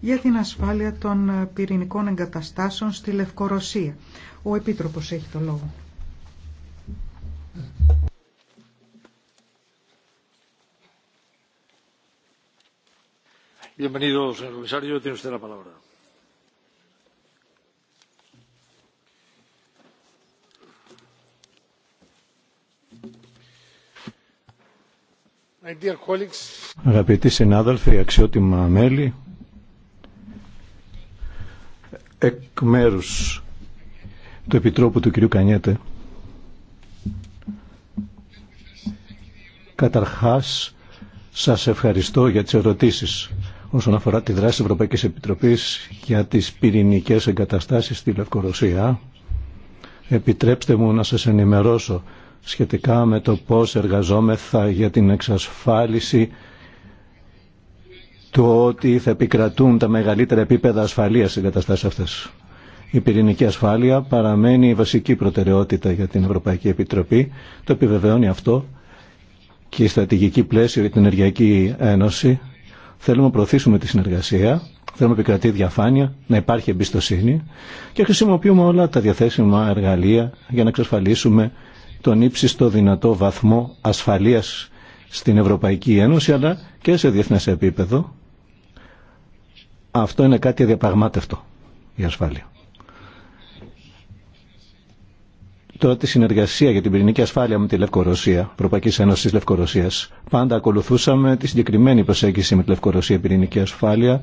για την ασφάλεια των πυρηνικών εγκαταστάσεων στη Λευκορωσία. Ο Επίτροπος έχει το λόγο. Bienvenido, señor comisario. Tiene usted la palabra. Αγαπητοί συνάδελφοι, αξιότιμα μέλη, εκ μέρου του Επιτρόπου του κυρίου Κανιέτε, καταρχάς σας ευχαριστώ για τις ερωτήσεις όσον αφορά τη δράση της Ευρωπαϊκής Επιτροπής για τις πυρηνικές εγκαταστάσεις στη Λευκορωσία. Επιτρέψτε μου να σας ενημερώσω σχετικά με το πώς εργαζόμεθα για την εξασφάλιση του ότι θα επικρατούν τα μεγαλύτερα επίπεδα ασφαλείας στις καταστάσεις αυτές. Η πυρηνική ασφάλεια παραμένει η βασική προτεραιότητα για την Ευρωπαϊκή Επιτροπή. Το επιβεβαιώνει αυτό και η στρατηγική πλαίσιο για την Ενεργειακή Ένωση. Θέλουμε να προωθήσουμε τη συνεργασία, θέλουμε να επικρατεί διαφάνεια, να υπάρχει εμπιστοσύνη και χρησιμοποιούμε όλα τα διαθέσιμα εργαλεία για να εξασφαλίσουμε τον ύψιστο δυνατό βαθμό ασφαλείας στην Ευρωπαϊκή Ένωση αλλά και σε διεθνές επίπεδο. Αυτό είναι κάτι αδιαπραγμάτευτο η ασφάλεια. Τώρα τη συνεργασία για την πυρηνική ασφάλεια με τη Λευκορωσία, Ευρωπαϊκή Ένωση Λευκορωσία. Πάντα ακολουθούσαμε τη συγκεκριμένη προσέγγιση με τη Λευκορωσία πυρηνική ασφάλεια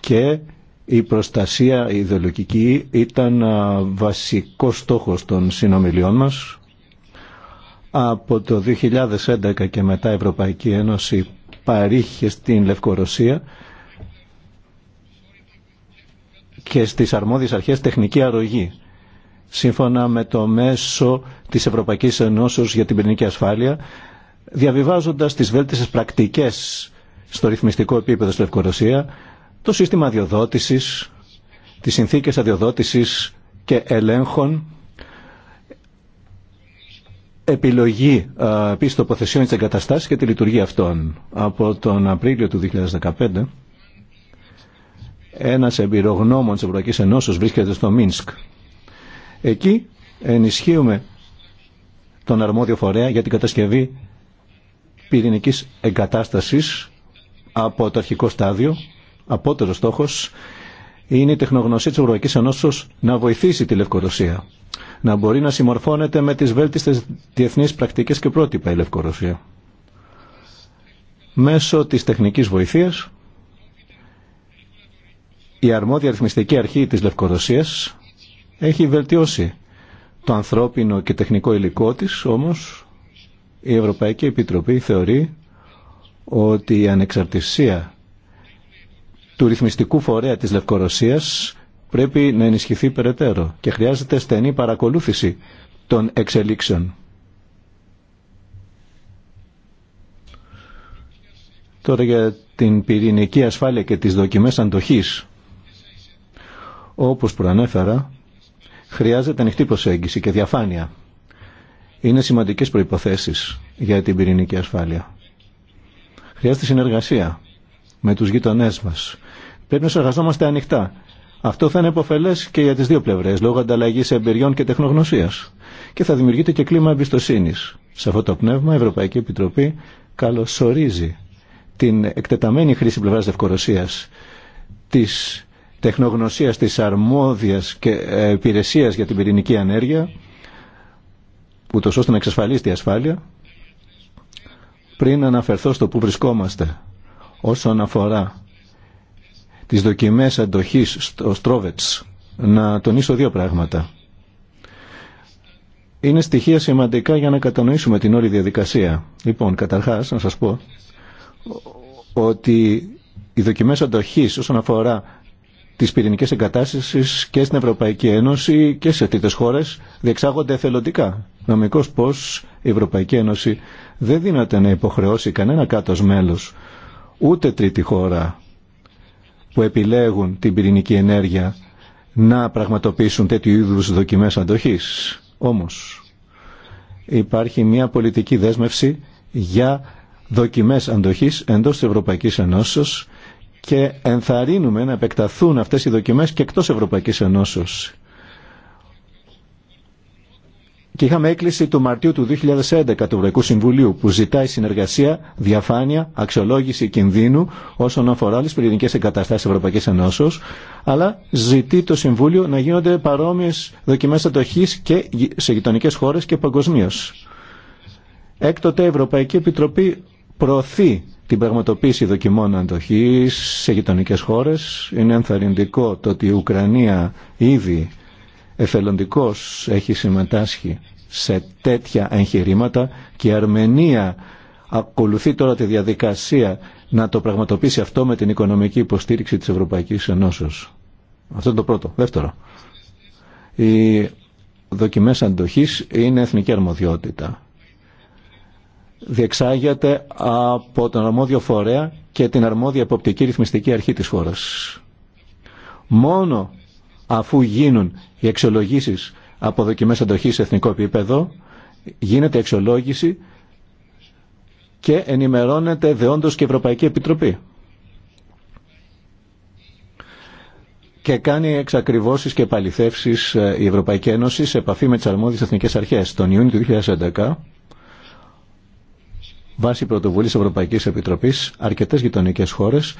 και η προστασία η ιδεολογική ήταν βασικός στόχος των συνομιλιών μας. Από το 2011 και μετά η Ευρωπαϊκή Ένωση παρήχε στην Λευκορωσία και στις αρμόδιες αρχές τεχνική αρρωγή σύμφωνα με το μέσο της Ευρωπαϊκής Ενώσεως για την Πυρηνική Ασφάλεια διαβιβάζοντας τις βέλτιστες πρακτικές στο ρυθμιστικό επίπεδο στη Λευκορωσία το σύστημα αδειοδότησης, τις συνθήκες αδειοδότησης και ελέγχων, επιλογή επίσης τοποθεσιών της εγκαταστάσης και τη λειτουργία αυτών. Από τον Απρίλιο του 2015, ένας εμπειρογνώμων της Ευρωπαϊκής Ενώσεως βρίσκεται στο Μίνσκ. Εκεί ενισχύουμε τον αρμόδιο φορέα για την κατασκευή πυρηνικής εγκατάστασης από το αρχικό στάδιο Απότερο στόχο είναι η τεχνογνωσία τη Ευρωπαϊκή Ενώσεω να βοηθήσει τη Λευκορωσία. Να μπορεί να συμμορφώνεται με τις βέλτιστες διεθνείς πρακτικές και πρότυπα η Λευκορωσία. Μέσω της τεχνικής βοηθείας, η αρμόδια αριθμιστική αρχή της Λευκορωσίας έχει βελτιώσει το ανθρώπινο και τεχνικό υλικό τη όμως η Ευρωπαϊκή Επιτροπή θεωρεί ότι η ανεξαρτησία του ρυθμιστικού φορέα της Λευκορωσίας πρέπει να ενισχυθεί περαιτέρω και χρειάζεται στενή παρακολούθηση των εξελίξεων. Τώρα για την πυρηνική ασφάλεια και τις δοκιμές αντοχής. Όπως προανέφερα, χρειάζεται ανοιχτή προσέγγιση και διαφάνεια. Είναι σημαντικές προϋποθέσεις για την πυρηνική ασφάλεια. Χρειάζεται συνεργασία με τους γειτονές μας. Πρέπει να συνεργαζόμαστε ανοιχτά. Αυτό θα είναι υποφελέ και για τι δύο πλευρέ, λόγω ανταλλαγή εμπειριών και τεχνογνωσία. Και θα δημιουργείται και κλίμα εμπιστοσύνη. Σε αυτό το πνεύμα, η Ευρωπαϊκή Επιτροπή καλωσορίζει την εκτεταμένη χρήση πλευρά Δευκορωσία, τη τεχνογνωσία, τη αρμόδια και ε, υπηρεσία για την πυρηνική ανέργεια, ούτω ώστε να εξασφαλίσει τη ασφάλεια. Πριν αναφερθώ στο που βρισκόμαστε όσον αφορά τις δοκιμές αντοχής στο Στρόβετς να τονίσω δύο πράγματα. Είναι στοιχεία σημαντικά για να κατανοήσουμε την όλη διαδικασία. Λοιπόν, καταρχάς να σας πω ότι οι δοκιμές αντοχής όσον αφορά τις πυρηνικές εγκατάστασεις και στην Ευρωπαϊκή Ένωση και σε τρίτες χώρες διεξάγονται εθελοντικά. Νομικώς πως η Ευρωπαϊκή Ένωση δεν δύναται να υποχρεώσει κανένα κάτω μέλος ούτε τρίτη χώρα που επιλέγουν την πυρηνική ενέργεια να πραγματοποιήσουν τέτοιου είδους δοκιμές αντοχής. Όμως υπάρχει μια πολιτική δέσμευση για δοκιμές αντοχής εντός της Ευρωπαϊκής Ενώσεως και ενθαρρύνουμε να επεκταθούν αυτές οι δοκιμές και εκτός Ευρωπαϊκής Ενώσεως και είχαμε έκκληση του Μαρτίου του 2011 του Ευρωπαϊκού Συμβουλίου που ζητάει συνεργασία, διαφάνεια, αξιολόγηση κινδύνου όσον αφορά τι πυρηνικέ εγκαταστάσει Ευρωπαϊκή Ενώσεω, αλλά ζητεί το Συμβούλιο να γίνονται παρόμοιε δοκιμέ αντοχή και σε γειτονικέ χώρε και παγκοσμίω. Έκτοτε η Ευρωπαϊκή Επιτροπή προωθεί την πραγματοποίηση δοκιμών αντοχή σε γειτονικέ χώρε. Είναι ενθαρρυντικό το ότι η Ουκρανία ήδη εθελοντικός έχει συμμετάσχει σε τέτοια εγχειρήματα και η Αρμενία ακολουθεί τώρα τη διαδικασία να το πραγματοποιήσει αυτό με την οικονομική υποστήριξη της Ευρωπαϊκής Ενώσεως. Αυτό είναι το πρώτο. Δεύτερο, οι δοκιμές αντοχής είναι εθνική αρμοδιότητα. Διεξάγεται από τον αρμόδιο φορέα και την αρμόδια εποπτική ρυθμιστική αρχή της χώρας. Μόνο αφού γίνουν οι εξολογήσεις από δοκιμές αντοχής σε εθνικό επίπεδο, γίνεται εξολόγηση και ενημερώνεται δεόντως και η Ευρωπαϊκή Επιτροπή. Και κάνει εξακριβώσεις και παληθεύσει ε, η Ευρωπαϊκή Ένωση σε επαφή με τι αρμόδιε εθνικές αρχές. Τον Ιούνιο του 2011, βάσει Ευρωπαϊκή Ευρωπαϊκής Επιτροπής, αρκετές χώρε, χώρες,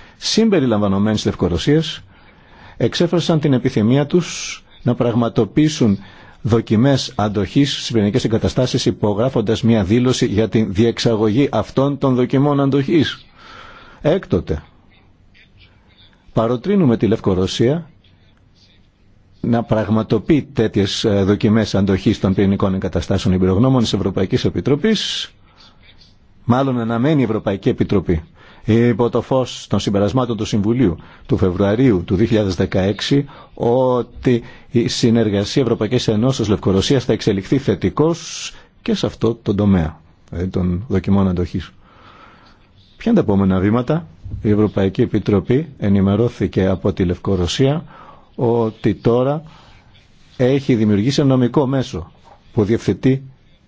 τη Λευκορωσία, εξέφρασαν την επιθυμία τους να πραγματοποιήσουν δοκιμές αντοχής στις πυρηνικές εγκαταστάσεις υπογράφοντας μια δήλωση για την διεξαγωγή αυτών των δοκιμών αντοχής. Έκτοτε, παροτρύνουμε τη Λευκορωσία να πραγματοποιεί τέτοιες ε, δοκιμές αντοχής των πυρηνικών εγκαταστάσεων υπηρογνώμων της Ευρωπαϊκής Επιτροπής, μάλλον αναμένει η Ευρωπαϊκή Επιτροπή υπό το φως των συμπερασμάτων του Συμβουλίου του Φεβρουαρίου του 2016 ότι η συνεργασία Ευρωπαϊκής Ενώσεως Λευκορωσίας θα εξελιχθεί θετικώς και σε αυτό το τομέα δηλαδή των δοκιμών αντοχής. Ποια είναι τα επόμενα βήματα. Η Ευρωπαϊκή Επιτροπή ενημερώθηκε από τη Λευκορωσία ότι τώρα έχει δημιουργήσει ένα νομικό μέσο που διευθετεί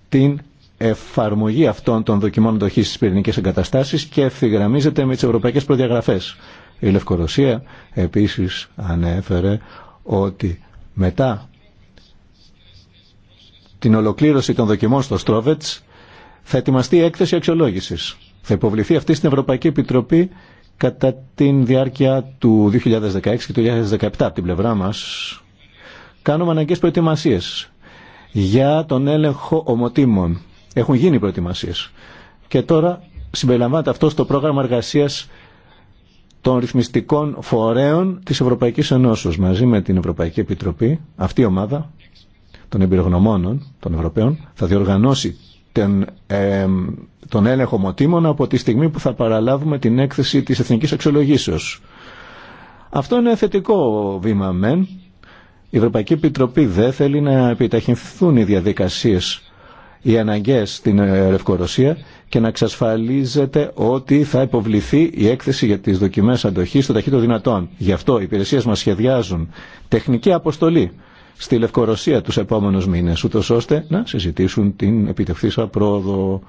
την εφαρμογή αυτών των δοκιμών αντοχή στι πυρηνικέ εγκαταστάσει και ευθυγραμμίζεται με τι ευρωπαϊκέ προδιαγραφέ. Η Λευκορωσία επίση ανέφερε ότι μετά την ολοκλήρωση των δοκιμών στο Στρόβετς θα ετοιμαστεί έκθεση αξιολόγηση. Θα υποβληθεί αυτή στην Ευρωπαϊκή Επιτροπή κατά την διάρκεια του 2016 και του 2017 από την πλευρά μας. Κάνουμε αναγκαίες προετοιμασίες για τον έλεγχο ομοτήμων έχουν γίνει προετοιμασίες. Και τώρα συμπεριλαμβάνεται αυτό στο πρόγραμμα εργασίας των ρυθμιστικών φορέων της Ευρωπαϊκής Ενώσεως μαζί με την Ευρωπαϊκή Επιτροπή, αυτή η ομάδα των εμπειρογνωμόνων των Ευρωπαίων θα διοργανώσει τον, τον έλεγχο μοτίμων από τη στιγμή που θα παραλάβουμε την έκθεση της Εθνικής Αξιολογήσεως. Αυτό είναι θετικό βήμα μεν. Η Ευρωπαϊκή Επιτροπή δεν θέλει να επιταχυνθούν οι διαδικασίες οι αναγκαίες στην Λευκορωσία ε, και να εξασφαλίζεται ότι θα υποβληθεί η έκθεση για τις δοκιμές αντοχής στο ταχύτερο δυνατόν. Γι' αυτό οι υπηρεσίες μας σχεδιάζουν τεχνική αποστολή στη Λευκορωσία τους επόμενους μήνες, ούτω ώστε να συζητήσουν την επιτευχθήσα πρόοδο.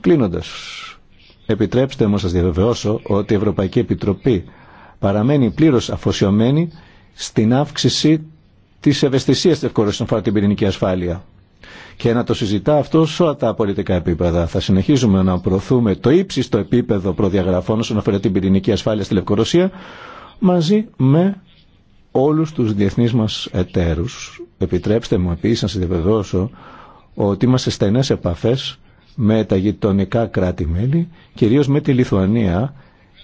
Κλείνοντας, επιτρέψτε μου να σας διαβεβαιώσω ότι η Ευρωπαϊκή Επιτροπή παραμένει πλήρως αφοσιωμένη στην αύξηση της ευαισθησίας της Λευκορωσίας αφορά την πυρηνική ασφάλεια και να το συζητά αυτό σε όλα τα πολιτικά επίπεδα. Θα συνεχίζουμε να προωθούμε το ύψιστο επίπεδο προδιαγραφών όσον αφορά την πυρηνική ασφάλεια στη Λευκορωσία μαζί με όλους τους διεθνείς μας εταίρους. Επιτρέψτε μου επίσης να σας διαβεβαιώσω ότι είμαστε στενές επαφές με τα γειτονικά κράτη-μέλη, κυρίως με τη Λιθουανία,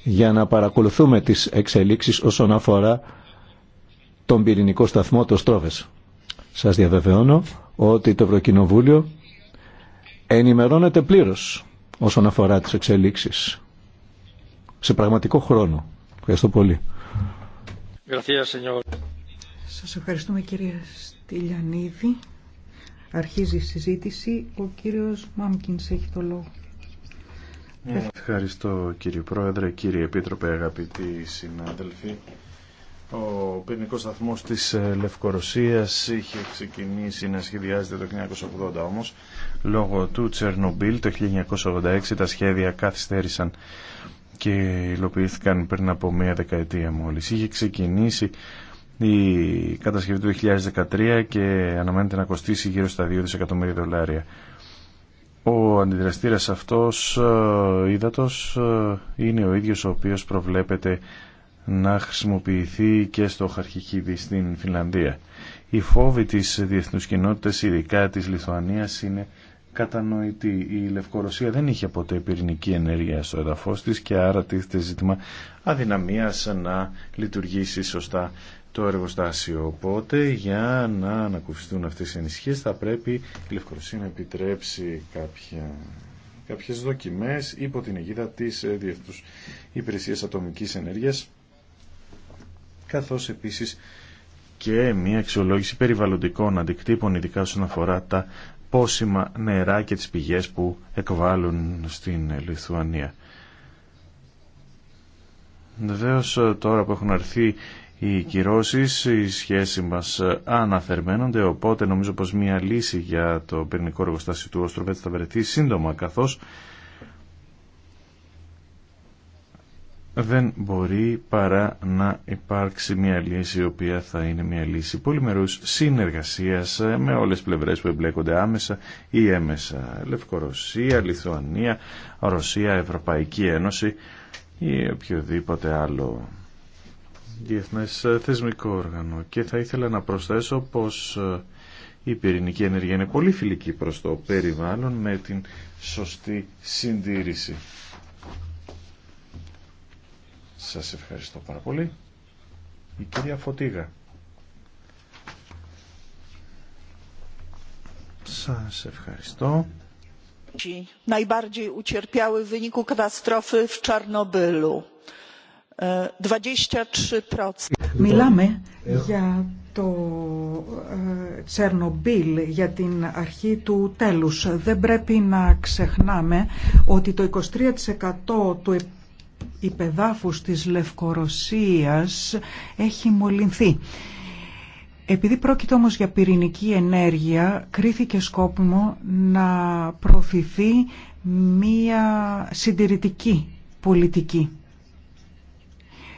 για να παρακολουθούμε τις εξελίξεις όσον αφορά τον πυρηνικό σταθμό, το Στρόβε. Σας διαβεβαιώνω ότι το Ευρωκοινοβούλιο ενημερώνεται πλήρως όσον αφορά τις εξελίξεις σε πραγματικό χρόνο. Ευχαριστώ πολύ. Σας ευχαριστούμε κυρία Στυλιανίδη. Αρχίζει η συζήτηση. Ο κύριος Μάμκινς έχει το λόγο. Ευχαριστώ κύριε Πρόεδρε, κύριε Επίτροπε, αγαπητοί συνάδελφοι. Ο πυρηνικό σταθμό τη ε, Λευκορωσία είχε ξεκινήσει να σχεδιάζεται το 1980 όμω. Λόγω του Τσερνομπίλ το 1986 τα σχέδια καθυστέρησαν και υλοποιήθηκαν πριν από μία δεκαετία μόλις. Είχε ξεκινήσει η κατασκευή του 2013 και αναμένεται να κοστίσει γύρω στα 2 δισεκατομμύρια δολάρια. Ο αντιδραστήρας αυτός, ε, ύδατος, ε, είναι ο ίδιος ο οποίος προβλέπεται να χρησιμοποιηθεί και στο Χαρχικίδη στην Φιλανδία. Οι φόβοι της διεθνούς κοινότητας, ειδικά της Λιθουανίας, είναι κατανοητή. Η Λευκορωσία δεν είχε ποτέ πυρηνική ενέργεια στο εδαφός της και άρα τίθεται ζήτημα αδυναμίας να λειτουργήσει σωστά το εργοστάσιο. Οπότε για να ανακουφιστούν αυτές οι ενισχύσεις θα πρέπει η Λευκορωσία να επιτρέψει κάποια, κάποιες δοκιμές υπό την αιγίδα της ε, Διεθνούς υπηρεσία Ατομικής Ενέργειας καθώς επίσης και μια αξιολόγηση περιβαλλοντικών αντικτύπων, ειδικά όσον αφορά τα πόσιμα νερά και τις πηγές που εκβάλλουν στην Λιθουανία. Βεβαίω τώρα που έχουν αρθεί οι κυρώσεις, οι σχέσεις μας αναθερμαίνονται, οπότε νομίζω πως μια λύση για το πυρηνικό εργοστάσιο του Όστροβετ θα βρεθεί σύντομα, καθώς δεν μπορεί παρά να υπάρξει μια λύση η οποία θα είναι μια λύση πολυμερούς συνεργασίας με όλες τις πλευρές που εμπλέκονται άμεσα ή έμεσα. Λευκορωσία, Λιθουανία, Ρωσία, Ευρωπαϊκή Ένωση ή οποιοδήποτε άλλο διεθνές θεσμικό όργανο. Και θα ήθελα να προσθέσω πως η πυρηνική ενέργεια είναι πολύ φιλική προς το περιβάλλον με την σωστή συντήρηση. Σας ευχαριστώ πάρα πολύ. Η κυρία Φωτίγα. Σας ευχαριστώ. E, Μιλάμε ε, ε, για το ε, Τσερνομπίλ, για την αρχή του τέλους. Δεν πρέπει να ξεχνάμε ότι το 23% του επίπεδου πεδάφους της Λευκορωσίας έχει μολυνθεί. Επειδή πρόκειται όμως για πυρηνική ενέργεια, κρίθηκε σκόπιμο να προωθηθεί μία συντηρητική πολιτική.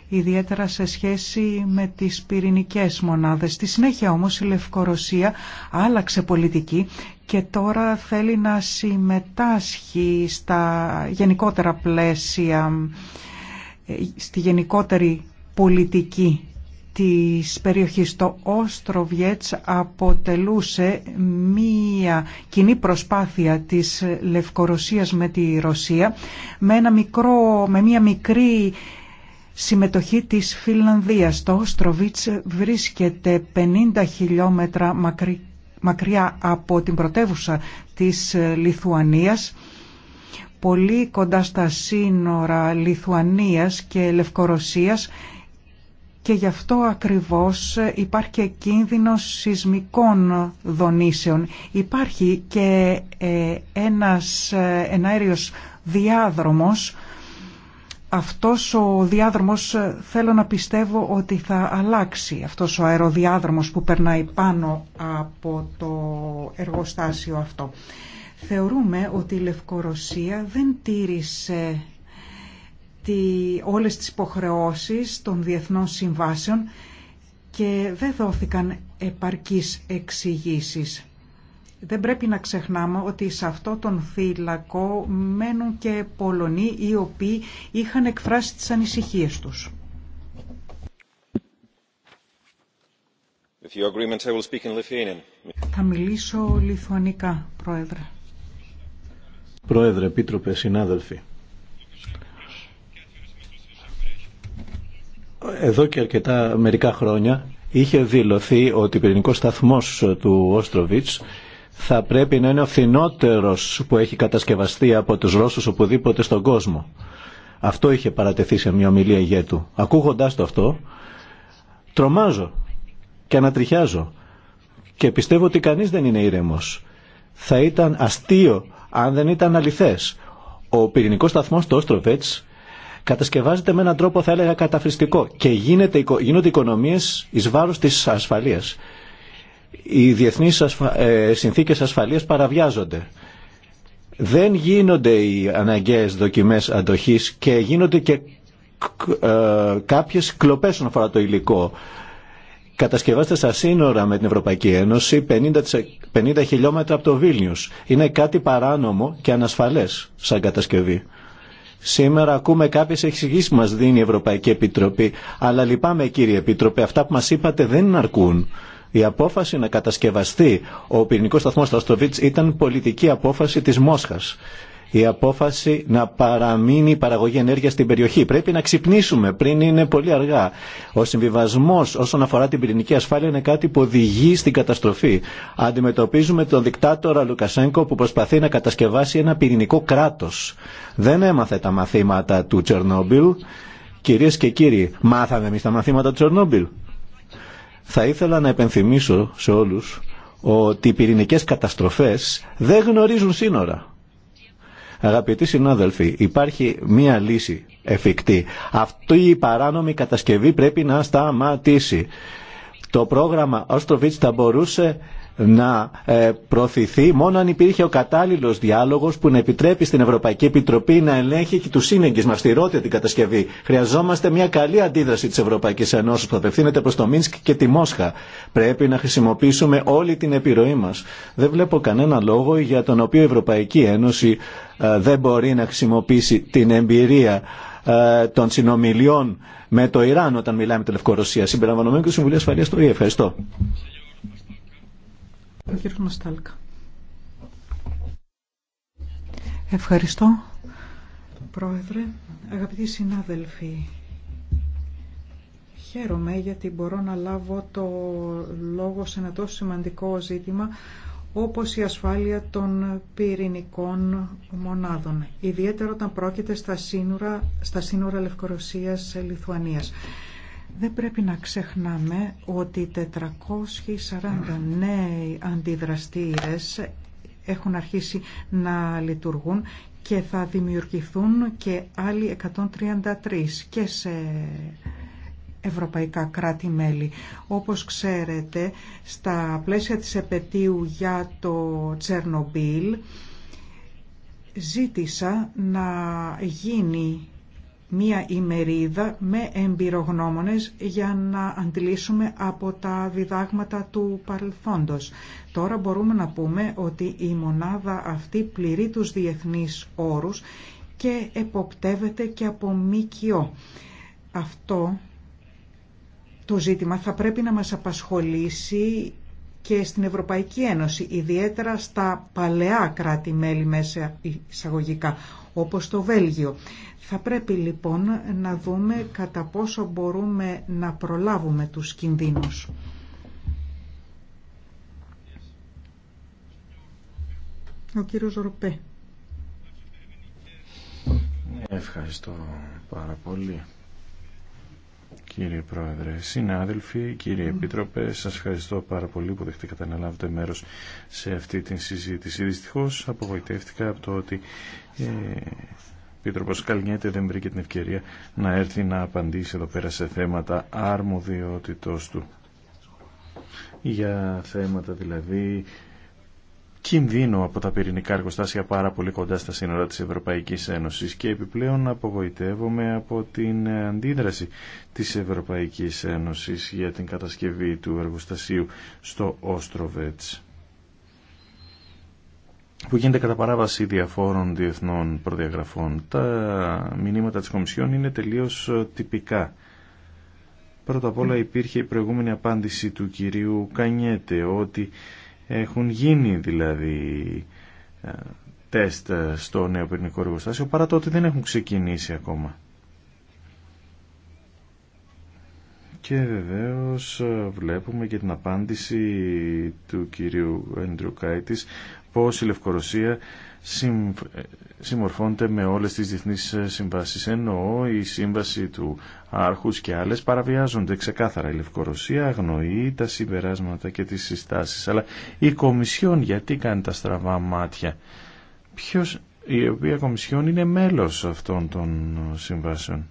Ιδιαίτερα σε σχέση με τις πυρηνικές μονάδες. Στη συνέχεια όμως η Λευκορωσία άλλαξε πολιτική και τώρα θέλει να συμμετάσχει στα γενικότερα πλαίσια στη γενικότερη πολιτική της περιοχής. Το Όστροβιέτς αποτελούσε μία κοινή προσπάθεια της Λευκορωσίας με τη Ρωσία με, ένα μικρό, με μία μικρή συμμετοχή της Φιλανδίας. Το Όστροβιτς βρίσκεται 50 χιλιόμετρα μακριά από την πρωτεύουσα της Λιθουανίας πολύ κοντά στα σύνορα Λιθουανίας και Λευκορωσίας και γι' αυτό ακριβώς υπάρχει και κίνδυνος σεισμικών δονήσεων. Υπάρχει και ε, ένας ε, εναέριος διάδρομος. Αυτός ο διάδρομος ε, θέλω να πιστεύω ότι θα αλλάξει. Αυτός ο αεροδιάδρομος που περνάει πάνω από το εργοστάσιο αυτό. Θεωρούμε ότι η Λευκορωσία δεν τήρησε τη, όλες τις υποχρεώσεις των διεθνών συμβάσεων και δεν δόθηκαν επαρκείς εξηγήσει. Δεν πρέπει να ξεχνάμε ότι σε αυτό τον φύλακο μένουν και Πολωνοί οι οποίοι είχαν εκφράσει τις ανησυχίες τους. Θα μιλήσω λιθουανικά, Πρόεδρε. Πρόεδρε, Επίτροπε, συνάδελφοι. Εδώ και αρκετά μερικά χρόνια είχε δηλωθεί ότι ο πυρηνικός σταθμός του Όστροβιτς θα πρέπει να είναι ο φθηνότερος που έχει κατασκευαστεί από τους Ρώσους οπουδήποτε στον κόσμο. Αυτό είχε παρατεθεί σε μια ομιλία ηγέτου. Ακούγοντάς το αυτό, τρομάζω και ανατριχιάζω και πιστεύω ότι κανείς δεν είναι ήρεμος. Θα ήταν αστείο αν δεν ήταν αληθές. Ο πυρηνικός σταθμός του Όστροβετς κατασκευάζεται με έναν τρόπο θα έλεγα καταφριστικό και γίνεται, γίνονται οικονομίες εις βάρος της ασφαλείας. Οι διεθνείς ασφα... ε, συνθήκες ασφαλείας παραβιάζονται. Δεν γίνονται οι αναγκαίες δοκιμές αντοχής και γίνονται και ε, κάποιες κλοπές όσον αφορά το υλικό. Κατασκευάστε στα σύνορα με την Ευρωπαϊκή Ένωση 50, 50 χιλιόμετρα από το Βίλνιους. Είναι κάτι παράνομο και ανασφαλές σαν κατασκευή. Σήμερα ακούμε κάποιε εξηγήσει που μα δίνει η Ευρωπαϊκή Επιτροπή. Αλλά λυπάμαι, κύριε Επίτροπε, αυτά που μα είπατε δεν αρκούν. Η απόφαση να κατασκευαστεί ο πυρηνικό σταθμό Σταστοβίτ ήταν πολιτική απόφαση τη Μόσχας η απόφαση να παραμείνει η παραγωγή ενέργεια στην περιοχή. Πρέπει να ξυπνήσουμε πριν είναι πολύ αργά. Ο συμβιβασμό όσον αφορά την πυρηνική ασφάλεια είναι κάτι που οδηγεί στην καταστροφή. Αντιμετωπίζουμε τον δικτάτορα Λουκασέγκο που προσπαθεί να κατασκευάσει ένα πυρηνικό κράτο. Δεν έμαθε τα μαθήματα του Τσερνόμπιλ. Κυρίε και κύριοι, μάθαμε εμεί τα μαθήματα του Τσερνόμπιλ. Θα ήθελα να επενθυμίσω σε όλου ότι οι πυρηνικέ καταστροφέ δεν γνωρίζουν σύνορα. Αγαπητοί συνάδελφοι, υπάρχει μία λύση εφικτή. Αυτή η παράνομη κατασκευή πρέπει να σταματήσει. Το πρόγραμμα Ωστροβίτς θα μπορούσε να ε, προωθηθεί μόνο αν υπήρχε ο κατάλληλο διάλογο που να επιτρέπει στην Ευρωπαϊκή Επιτροπή να ελέγχει και του σύνεγγυ στη αυστηρότητα την κατασκευή. Χρειαζόμαστε μια καλή αντίδραση τη Ευρωπαϊκή Ενώση που απευθύνεται προ το Μίνσκ και τη Μόσχα. Πρέπει να χρησιμοποιήσουμε όλη την επιρροή μα. Δεν βλέπω κανένα λόγο για τον οποίο η Ευρωπαϊκή Ένωση ε, δεν μπορεί να χρησιμοποιήσει την εμπειρία ε, των συνομιλιών με το Ιράν όταν μιλάμε τη Λευκορωσία. Συμπεριλαμβανομένου και του Συμβουλίου Ασφαλεία του ΙΕ. Ευχαριστώ. Ο Ευχαριστώ, Πρόεδρε. Αγαπητοί συνάδελφοι, χαίρομαι γιατί μπορώ να λάβω το λόγο σε ένα τόσο σημαντικό ζήτημα όπως η ασφάλεια των πυρηνικών μονάδων, ιδιαίτερα όταν πρόκειται στα σύνορα, στα σύνορα Λευκορωσίας-Λιθουανίας. Δεν πρέπει να ξεχνάμε ότι 440 νέοι αντιδραστήρες έχουν αρχίσει να λειτουργούν και θα δημιουργηθούν και άλλοι 133 και σε ευρωπαϊκά κράτη-μέλη. Όπως ξέρετε, στα πλαίσια της επαιτίου για το Τσερνομπίλ ζήτησα να γίνει μία ημερίδα με εμπειρογνώμονες για να αντιλήσουμε από τα διδάγματα του παρελθόντος. Τώρα μπορούμε να πούμε ότι η μονάδα αυτή πληρεί τους διεθνείς όρους και εποπτεύεται και από ΜΚΟ. Αυτό το ζήτημα θα πρέπει να μας απασχολήσει και στην Ευρωπαϊκή Ένωση, ιδιαίτερα στα παλαιά κράτη-μέλη μέσα εισαγωγικά, όπως το Βέλγιο. Θα πρέπει λοιπόν να δούμε κατά πόσο μπορούμε να προλάβουμε τους κινδύνους. Ο κύριος Ευχαριστώ πάρα πολύ. Κύριε Πρόεδρε, συνάδελφοι, κύριε Επίτροπε, σας ευχαριστώ πάρα πολύ που δεχτήκατε να λάβετε μέρος σε αυτή την συζήτηση. Δυστυχώς απογοητεύτηκα από το ότι ε, Επίτροπος Καλνιέτε δεν βρήκε την ευκαιρία να έρθει να απαντήσει εδώ πέρα σε θέματα αρμοδιότητός του. Για θέματα δηλαδή κινδύνο από τα πυρηνικά εργοστάσια πάρα πολύ κοντά στα σύνορα της Ευρωπαϊκής Ένωσης και επιπλέον απογοητεύομαι από την αντίδραση της Ευρωπαϊκής Ένωσης για την κατασκευή του εργοστασίου στο Όστροβετς που γίνεται κατά παράβαση διαφόρων διεθνών προδιαγραφών. Τα μηνύματα της Κομισιόν είναι τελείως τυπικά. Πρώτα απ' όλα υπήρχε η προηγούμενη απάντηση του κυρίου Κανιέτε ότι έχουν γίνει δηλαδή ε, τεστ στο νέο πυρηνικό εργοστάσιο παρά το ότι δεν έχουν ξεκινήσει ακόμα. Και βεβαίως ε, βλέπουμε και την απάντηση του κυρίου Έντρου πώς η Λευκορωσία συμ... συμμορφώνεται με όλες τις διεθνείς ε, συμβάσεις. Εννοώ η σύμβαση του Άρχους και άλλες παραβιάζονται ξεκάθαρα. Η Λευκορωσία αγνοεί τα συμπεράσματα και τις συστάσεις. Αλλά η Κομισιόν γιατί κάνει τα στραβά μάτια. Ποιος, η οποία Κομισιόν είναι μέλος αυτών των ε, συμβάσεων.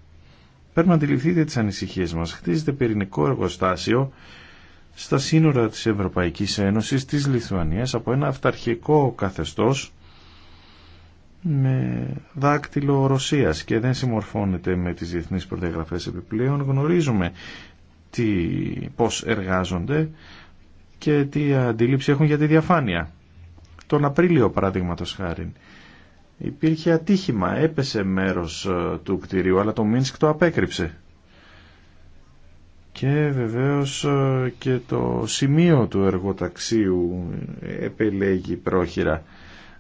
Πρέπει να αντιληφθείτε τις ανησυχίες μας. Χτίζεται πυρηνικό εργοστάσιο στα σύνορα της Ευρωπαϊκής Ένωσης της Λιθουανίας από ένα αυταρχικό καθεστώς με δάκτυλο Ρωσίας και δεν συμμορφώνεται με τις διεθνείς προδιαγραφές επιπλέον. Γνωρίζουμε τι, πώς εργάζονται και τι αντίληψη έχουν για τη διαφάνεια. Τον Απρίλιο παραδείγματο χάρη υπήρχε ατύχημα, έπεσε μέρος ε, του κτηρίου αλλά το Μίνσκ το απέκρυψε. Και βεβαίως ε, και το σημείο του εργοταξίου ε, επελέγει πρόχειρα.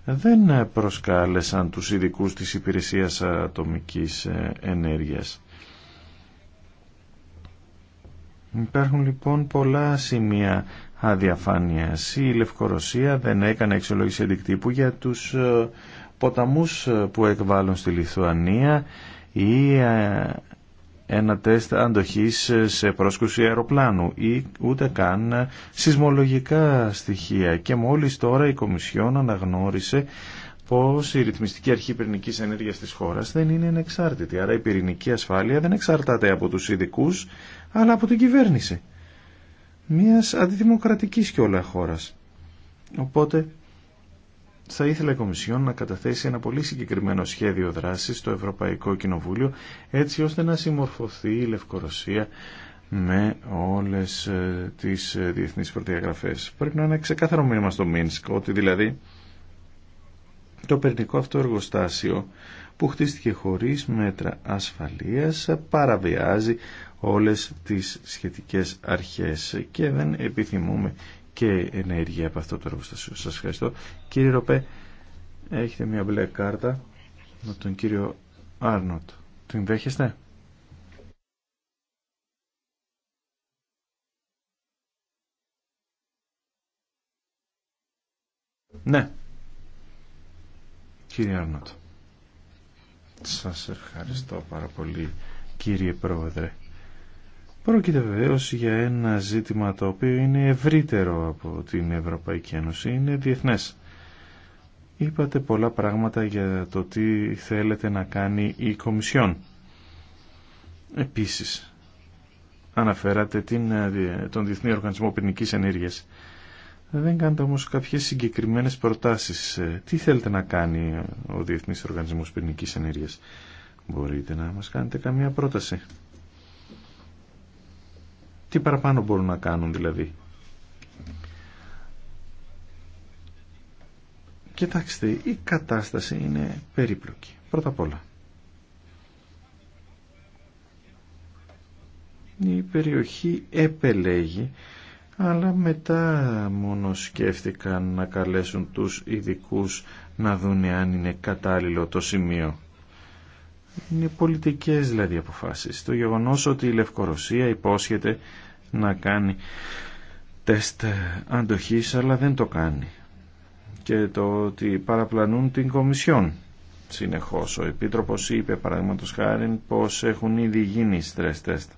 Δεν προσκάλεσαν τους ειδικού της Υπηρεσίας Ατομικής ε, Ενέργειας. Υπάρχουν λοιπόν πολλά σημεία αδιαφάνειας. Η Λευκορωσία δεν έκανε αξιολόγηση αντικτύπου για τους ποταμούς που εκβάλλουν στη Λιθουανία ή ένα τεστ αντοχής σε πρόσκουση αεροπλάνου ή ούτε καν σεισμολογικά στοιχεία. Και μόλις τώρα η Κομισιόν αναγνώρισε πως η ρυθμιστική αρχή πυρηνικής ενέργειας της χώρας δεν είναι ανεξάρτητη. Άρα η πυρηνική ασφάλεια δεν εξαρτάται από τους ειδικού, αλλά από την κυβέρνηση μιας αντιδημοκρατικής κιόλα χώρας. Οπότε θα ήθελα η Κομισιόν να καταθέσει ένα πολύ συγκεκριμένο σχέδιο δράσης στο Ευρωπαϊκό Κοινοβούλιο έτσι ώστε να συμμορφωθεί η Λευκορωσία με όλες ε, τις ε, διεθνείς προδιαγραφές. Πρέπει να είναι ξεκάθαρο μήνυμα στο Μίνσκ ότι δηλαδή το περνικό αυτό εργοστάσιο που χτίστηκε χωρίς μέτρα ασφαλείας παραβιάζει όλες τις σχετικές αρχές και δεν επιθυμούμε και ενέργεια από αυτό το εργοστάσιο. Σας ευχαριστώ. Κύριε Ροπέ, έχετε μια μπλε κάρτα με τον κύριο Άρνοτ. Την δέχεστε? Ναι. Κύριε Άρνοτ. Σας ευχαριστώ πάρα πολύ κύριε Πρόεδρε. Πρόκειται βεβαίω για ένα ζήτημα το οποίο είναι ευρύτερο από την Ευρωπαϊκή Ένωση, είναι διεθνές. Είπατε πολλά πράγματα για το τι θέλετε να κάνει η Κομισιόν. Επίσης, αναφέρατε την, τον Διεθνή Οργανισμό Πυρηνικής Ενέργειας. Δεν κάνετε όμως κάποιες συγκεκριμένες προτάσεις. Τι θέλετε να κάνει ο Διεθνής Οργανισμός Ποινική Ενέργειας. Μπορείτε να μας κάνετε καμία πρόταση. Τι παραπάνω μπορούν να κάνουν δηλαδή. Κοιτάξτε, η κατάσταση είναι περίπλοκη. Πρώτα απ' όλα. Η περιοχή επελέγει, αλλά μετά μόνο σκέφτηκαν να καλέσουν τους ειδικού να δουν αν είναι κατάλληλο το σημείο. Είναι πολιτικές δηλαδή αποφάσεις. Το γεγονός ότι η Λευκορωσία υπόσχεται να κάνει τεστ αντοχής αλλά δεν το κάνει. Και το ότι παραπλανούν την Κομισιόν συνεχώς. Ο Επίτροπος είπε παραδείγματο χάρη πως έχουν ήδη γίνει στρες τεστ.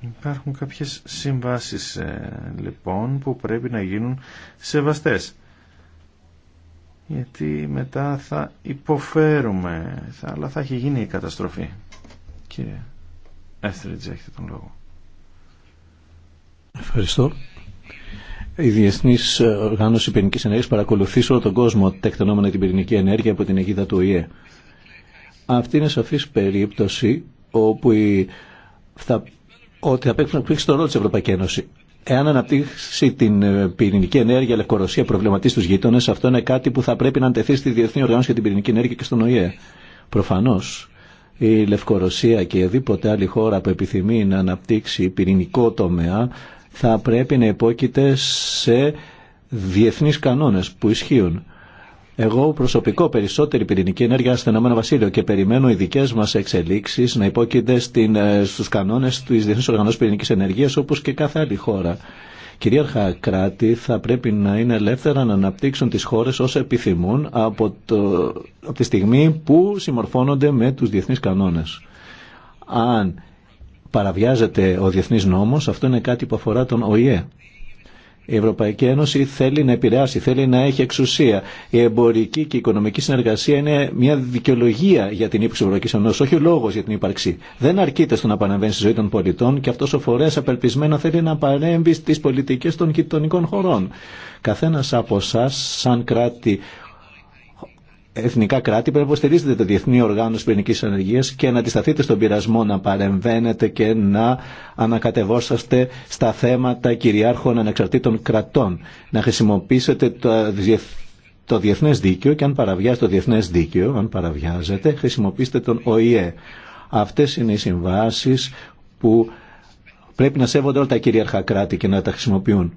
Υπάρχουν κάποιες συμβάσεις ε, λοιπόν που πρέπει να γίνουν σεβαστές γιατί μετά θα υποφέρουμε, θα, αλλά θα έχει γίνει η καταστροφή. Κύριε Έστριτζ, έχετε τον λόγο. Ευχαριστώ. Η Διεθνή Οργάνωση Πυρηνική Ενέργεια παρακολουθεί σε όλο τον κόσμο τεκτενόμενα την πυρηνική ενέργεια από την αιγίδα του ΟΗΕ. Αυτή είναι σαφή περίπτωση όπου η, θα, ότι θα παίξει το ρόλο τη Ευρωπαϊκή Ένωση. Εάν αναπτύξει την ε, πυρηνική ενέργεια, η Λευκορωσία προβληματίσει του γείτονε, αυτό είναι κάτι που θα πρέπει να αντεθεί στη Διεθνή Οργάνωση για την Πυρηνική Ενέργεια και στον ΟΗΕ. Προφανώ η Λευκορωσία και οδήποτε άλλη χώρα που επιθυμεί να αναπτύξει πυρηνικό τομέα θα πρέπει να υπόκειται σε διεθνεί κανόνες που ισχύουν. Εγώ προσωπικό περισσότερη πυρηνική ενέργεια στο Ηνωμένο Βασίλειο και περιμένω οι δικέ μα εξελίξει να υπόκεινται ε, στου κανόνε τη Διεθνή Οργανώση Πυρηνική Ενεργεία όπω και κάθε άλλη χώρα. Κυρίαρχα κράτη θα πρέπει να είναι ελεύθερα να αναπτύξουν τις χώρες όσο επιθυμούν από, το, από τη στιγμή που συμμορφώνονται με τους διεθνείς κανόνες. Αν παραβιάζεται ο διεθνής νόμος, αυτό είναι κάτι που αφορά τον ΟΗΕ. Η Ευρωπαϊκή Ένωση θέλει να επηρεάσει, θέλει να έχει εξουσία. Η εμπορική και η οικονομική συνεργασία είναι μια δικαιολογία για την ύπαρξη Ευρωπαϊκή Ένωση, όχι λόγο για την ύπαρξη. Δεν αρκείται στο να παρεμβαίνει στη ζωή των πολιτών και αυτό ο φορέα απελπισμένα θέλει να παρέμβει στι πολιτικέ των γειτονικών χωρών. Καθένα από εσά, σαν κράτη εθνικά κράτη πρέπει να υποστηρίζετε το Διεθνή Οργάνωση Πυρηνική Ενεργεία και να αντισταθείτε στον πειρασμό να παρεμβαίνετε και να ανακατευόσαστε στα θέματα κυριάρχων ανεξαρτήτων κρατών. Να χρησιμοποιήσετε το, το διεθνέ δίκαιο και αν παραβιάζετε το Διεθνές δίκαιο, αν παραβιάζετε, χρησιμοποιήστε τον ΟΗΕ. Αυτές είναι οι συμβάσει που πρέπει να σέβονται όλα τα κυρίαρχα κράτη και να τα χρησιμοποιούν.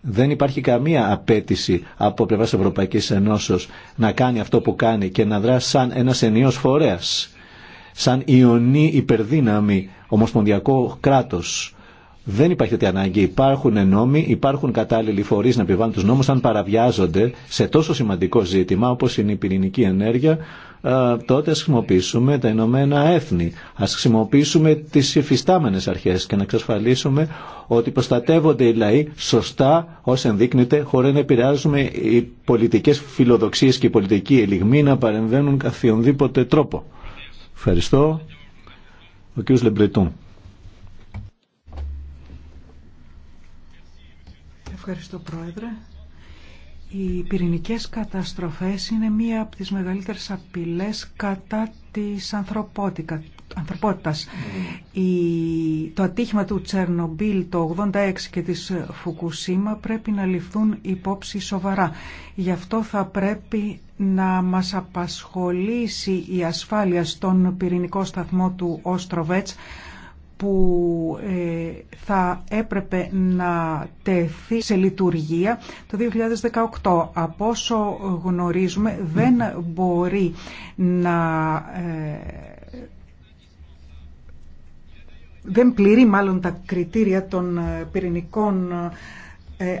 Δεν υπάρχει καμία απέτηση από πλευρά Ευρωπαϊκή Ενώσεω να κάνει αυτό που κάνει και να δράσει σαν ένα ενίο φορέα, σαν ιονή υπερδύναμη ομοσπονδιακό κράτο. Δεν υπάρχει τέτοια ανάγκη. Υπάρχουν νόμοι, υπάρχουν κατάλληλοι φορεί να επιβάλλουν του νόμου αν παραβιάζονται σε τόσο σημαντικό ζήτημα όπω είναι η πυρηνική ενέργεια ε, τότε ας χρησιμοποιήσουμε τα Ηνωμένα Έθνη, ας χρησιμοποιήσουμε τις εφιστάμενες αρχές και να εξασφαλίσουμε ότι προστατεύονται οι λαοί σωστά όσο ενδείκνεται χωρίς να επηρεάζουμε οι πολιτικές φιλοδοξίες και οι πολιτικοί ελιγμοί να παρεμβαίνουν καθιονδήποτε τρόπο. Ευχαριστώ. Ο κ. Λεμπρετούν. Ευχαριστώ Πρόεδρε. Οι πυρηνικές καταστροφές είναι μία από τις μεγαλύτερες απειλές κατά της ανθρωπότητας. Η... Το ατύχημα του Τσερνομπίλ το 1986 και της Φουκουσίμα πρέπει να ληφθούν υπόψη σοβαρά. Γι' αυτό θα πρέπει να μας απασχολήσει η ασφάλεια στον πυρηνικό σταθμό του Όστροβέτς που ε, θα έπρεπε να τεθεί σε λειτουργία το 2018. Από όσο γνωρίζουμε δεν μπορεί να... Ε, δεν πληρεί μάλλον τα κριτήρια των ε, πυρηνικών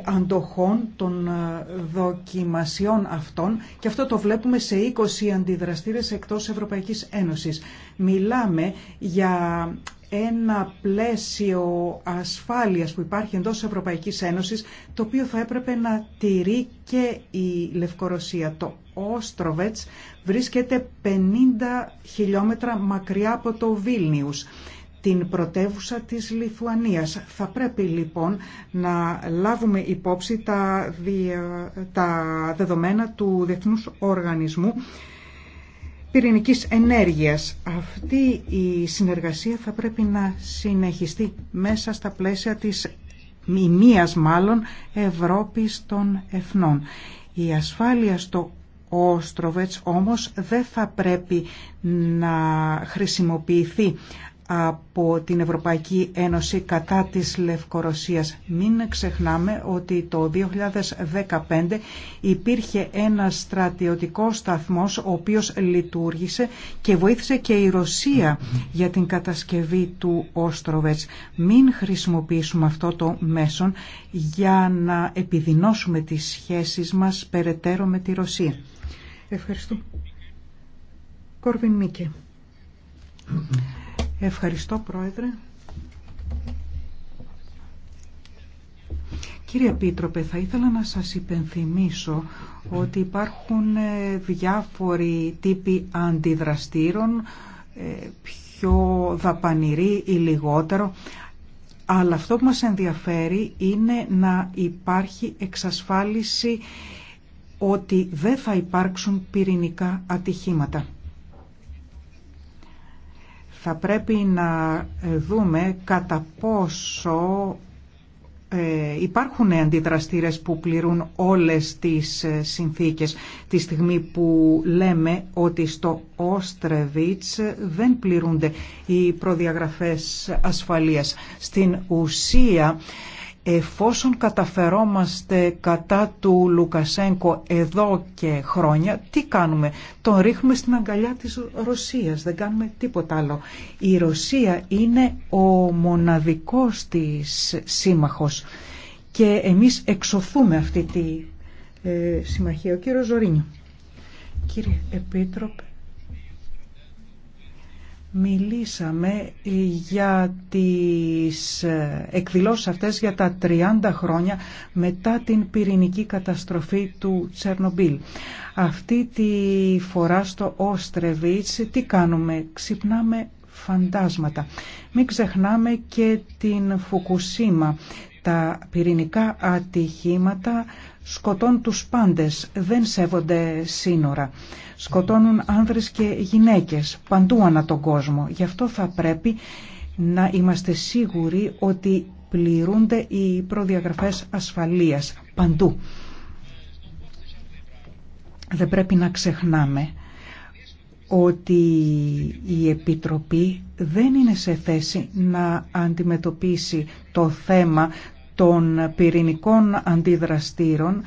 αντοχών των δοκιμασιών αυτών και αυτό το βλέπουμε σε 20 αντιδραστήρες εκτός Ευρωπαϊκής Ένωσης. Μιλάμε για ένα πλαίσιο ασφάλειας που υπάρχει εντός της Ευρωπαϊκής Ένωσης, το οποίο θα έπρεπε να τηρεί και η Λευκορωσία. Το Όστροβετς βρίσκεται 50 χιλιόμετρα μακριά από το Βίλνιους την πρωτεύουσα της Λιθουανίας. Θα πρέπει λοιπόν να λάβουμε υπόψη τα, τα δεδομένα του Διεθνούς Οργανισμού πυρηνικής ενέργειας. Αυτή η συνεργασία θα πρέπει να συνεχιστεί μέσα στα πλαίσια της μιμίας μάλλον Ευρώπης των Εθνών. Η ασφάλεια στο Όστροβετς όμως δεν θα πρέπει να χρησιμοποιηθεί από την Ευρωπαϊκή Ένωση κατά της Λευκορωσίας. Μην ξεχνάμε ότι το 2015 υπήρχε ένα στρατιωτικό σταθμός ο οποίος λειτουργήσε και βοήθησε και η Ρωσία για την κατασκευή του Όστροβετς. Μην χρησιμοποιήσουμε αυτό το μέσο για να επιδεινώσουμε τις σχέσεις μας περαιτέρω με τη Ρωσία. Ευχαριστώ. Κόρβιν Μίκε. Ευχαριστώ, Πρόεδρε. Κύριε Πίτροπε, θα ήθελα να σας υπενθυμίσω ότι υπάρχουν ε, διάφοροι τύποι αντιδραστήρων, ε, πιο δαπανηροί ή λιγότερο, αλλά αυτό που μας ενδιαφέρει είναι να υπάρχει εξασφάλιση ότι δεν θα υπάρξουν πυρηνικά ατυχήματα θα πρέπει να ε, δούμε κατά πόσο ε, υπάρχουν αντιδραστήρες που πληρούν όλες τις ε, συνθήκες τη στιγμή που λέμε ότι στο Όστρεβιτς δεν πληρούνται οι προδιαγραφές ασφαλείας. Στην ουσία εφόσον καταφερόμαστε κατά του Λουκασένκο εδώ και χρόνια, τι κάνουμε. Τον ρίχνουμε στην αγκαλιά της Ρωσίας, δεν κάνουμε τίποτα άλλο. Η Ρωσία είναι ο μοναδικός της σύμμαχος και εμείς εξωθούμε αυτή τη ε, συμμαχία. Ο κύριος Ζωρίνιο. Κύριε Επίτροπε, Μιλήσαμε για τις ε, εκδηλώσεις αυτές για τα 30 χρόνια μετά την πυρηνική καταστροφή του Τσερνομπίλ. Αυτή τη φορά στο Όστρεβιτς τι κάνουμε, ξυπνάμε φαντάσματα. Μην ξεχνάμε και την Φουκουσίμα. Τα πυρηνικά ατυχήματα Σκοτών τους πάντες, δεν σέβονται σύνορα. Σκοτώνουν άνδρες και γυναίκες παντού ανά τον κόσμο. Γι' αυτό θα πρέπει να είμαστε σίγουροι ότι πληρούνται οι προδιαγραφές ασφαλείας παντού. Δεν πρέπει να ξεχνάμε ότι η Επιτροπή δεν είναι σε θέση να αντιμετωπίσει το θέμα των πυρηνικών αντιδραστήρων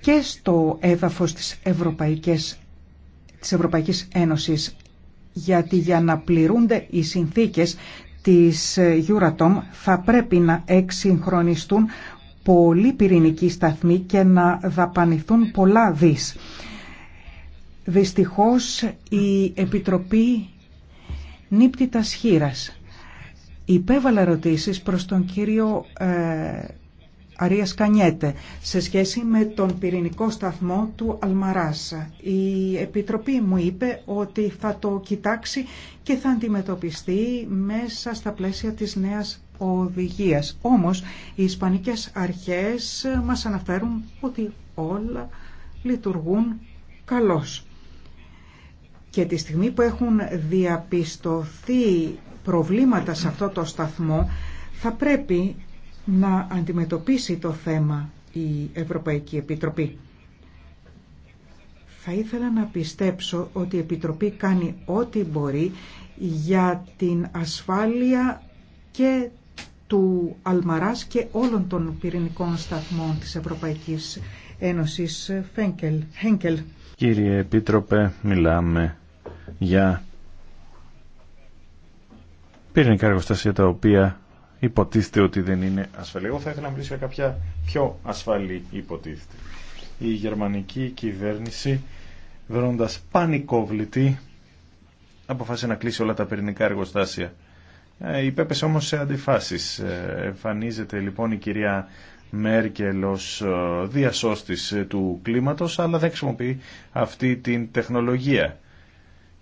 και στο έδαφος της Ευρωπαϊκής, της Ευρωπαϊκής Ένωσης γιατί για να πληρούνται οι συνθήκες της Euratom θα πρέπει να εξυγχρονιστούν πολλοί πυρηνικοί σταθμοί και να δαπανηθούν πολλά δις. Δυστυχώς η Επιτροπή νύπτει τα υπέβαλα ερωτήσεις προς τον κύριο ε, Αρίας Κανιέτε σε σχέση με τον πυρηνικό σταθμό του Αλμαράσα. Η Επιτροπή μου είπε ότι θα το κοιτάξει και θα αντιμετωπιστεί μέσα στα πλαίσια της νέας οδηγίας. Όμως οι Ισπανικές αρχές μας αναφέρουν ότι όλα λειτουργούν καλώς. Και τη στιγμή που έχουν διαπιστωθεί προβλήματα σε αυτό το σταθμό, θα πρέπει να αντιμετωπίσει το θέμα η Ευρωπαϊκή Επιτροπή. Θα ήθελα να πιστέψω ότι η Επιτροπή κάνει ό,τι μπορεί για την ασφάλεια και του Αλμαράς και όλων των πυρηνικών σταθμών της Ευρωπαϊκής Ένωσης Φένκελ. Κύριε Επίτροπε, μιλάμε για πυρηνικά εργοστάσια τα οποία υποτίθεται ότι δεν είναι ασφαλή. Εγώ θα ήθελα να μιλήσω κάποια πιο ασφαλή υποτίθεται. Η γερμανική κυβέρνηση δρώντας πανικόβλητη αποφάσισε να κλείσει όλα τα πυρηνικά εργοστάσια. Ε, υπέπεσε όμως σε αντιφάσεις. Ε, εμφανίζεται λοιπόν η κυρία Μέρκελ ως ε, διασώστης του κλίματος αλλά δεν χρησιμοποιεί αυτή την τεχνολογία.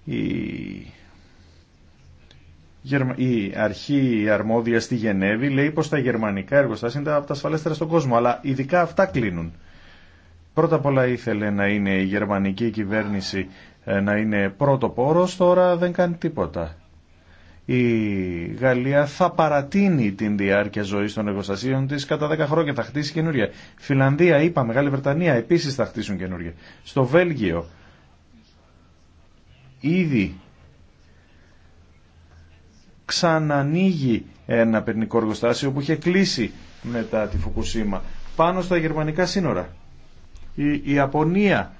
Η η αρχή αρμόδια στη Γενέβη λέει πως τα γερμανικά εργοστάσια είναι από τα ασφαλέστερα στον κόσμο, αλλά ειδικά αυτά κλείνουν. Πρώτα απ' όλα ήθελε να είναι η γερμανική κυβέρνηση ε, να είναι πρώτο πόρος, τώρα δεν κάνει τίποτα. Η Γαλλία θα παρατείνει την διάρκεια ζωής των εργοστασίων της κατά 10 χρόνια, θα χτίσει καινούρια. Φιλανδία, είπα, Μεγάλη Βρετανία επίσης θα χτίσουν καινούργια. Στο Βέλγιο ήδη ξανανοίγει ένα πυρηνικό εργοστάσιο που είχε κλείσει μετά τη Φουκουσίμα πάνω στα γερμανικά σύνορα. Η Ιαπωνία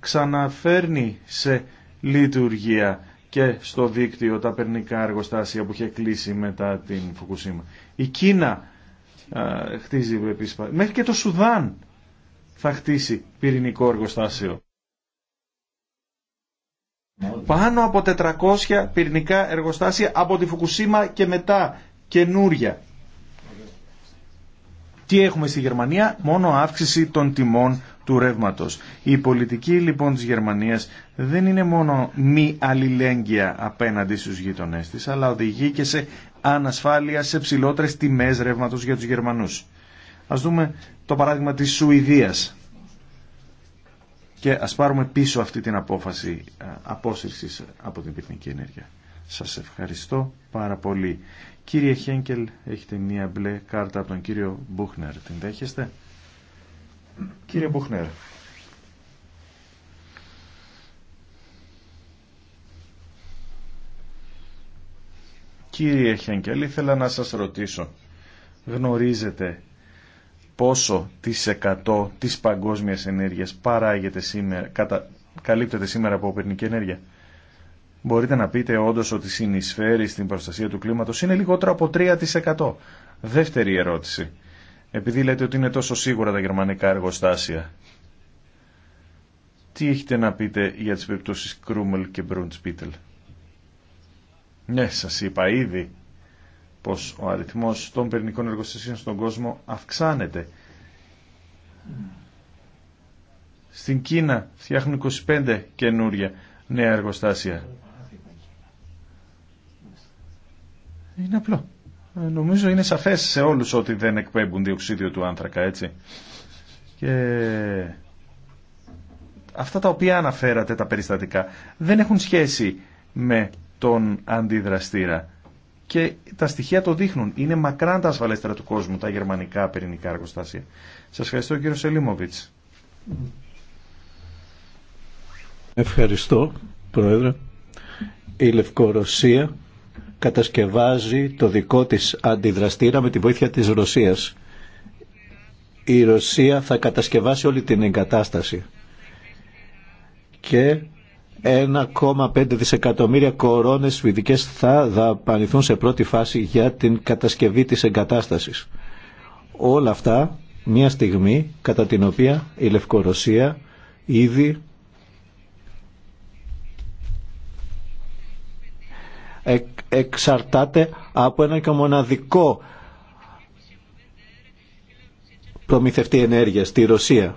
ξαναφέρνει σε λειτουργία και στο δίκτυο τα περνικά εργοστάσια που είχε κλείσει μετά την Φουκουσίμα. Η Κίνα χτίζει επίσης. Μέχρι και το Σουδάν θα χτίσει πυρηνικό εργοστάσιο πάνω από 400 πυρηνικά εργοστάσια από τη Φουκουσίμα και μετά καινούρια. Τι έχουμε στη Γερμανία, μόνο αύξηση των τιμών του ρεύματο. Η πολιτική λοιπόν της Γερμανίας δεν είναι μόνο μη αλληλέγγυα απέναντι στους γειτονέ τη, αλλά οδηγεί και σε ανασφάλεια, σε ψηλότερες τιμές ρεύματος για τους Γερμανούς. α δούμε το παράδειγμα τη Σουηδία και ας πάρουμε πίσω αυτή την απόφαση ε, απόσυρσης από την πυρηνική ενέργεια. Σας ευχαριστώ πάρα πολύ. Κύριε Χένκελ, έχετε μία μπλε κάρτα από τον κύριο Μπούχνερ. Την δέχεστε? Κύριε Μπούχνερ. Κύριε Χένκελ, ήθελα να σας ρωτήσω. Γνωρίζετε πόσο τις εκατό της παγκόσμιας ενέργειας παράγεται σήμερα, κατα, καλύπτεται σήμερα από πυρηνική ενέργεια. Μπορείτε να πείτε όντω ότι συνεισφέρει στην προστασία του κλίματος είναι λιγότερο από 3%. Δεύτερη ερώτηση. Επειδή λέτε ότι είναι τόσο σίγουρα τα γερμανικά εργοστάσια, τι έχετε να πείτε για τις περιπτώσεις Κρούμελ και Μπρουντσπίτελ. Ναι, σας είπα ήδη πως ο αριθμός των πυρηνικών εργοστασίων στον κόσμο αυξάνεται. Στην Κίνα φτιάχνουν 25 καινούρια νέα εργοστάσια. Είναι απλό. Ε, νομίζω είναι σαφές σε όλους ότι δεν εκπέμπουν διοξίδιο του άνθρακα, έτσι. Και αυτά τα οποία αναφέρατε τα περιστατικά δεν έχουν σχέση με τον αντιδραστήρα και τα στοιχεία το δείχνουν. Είναι μακράν τα ασφαλέστερα του κόσμου τα γερμανικά πυρηνικά εργοστάσια. Σας ευχαριστώ κύριο Σελίμοβιτ. Ευχαριστώ, Πρόεδρε. Η Λευκορωσία κατασκευάζει το δικό της αντιδραστήρα με τη βοήθεια της Ρωσίας. Η Ρωσία θα κατασκευάσει όλη την εγκατάσταση. Και 1,5 δισεκατομμύρια κορώνες σφυδικές θα δαπανηθούν σε πρώτη φάση για την κατασκευή της εγκατάστασης. Όλα αυτά μια στιγμή κατά την οποία η Λευκορωσία ήδη εξαρτάται από ένα και μοναδικό προμηθευτή ενέργεια στη Ρωσία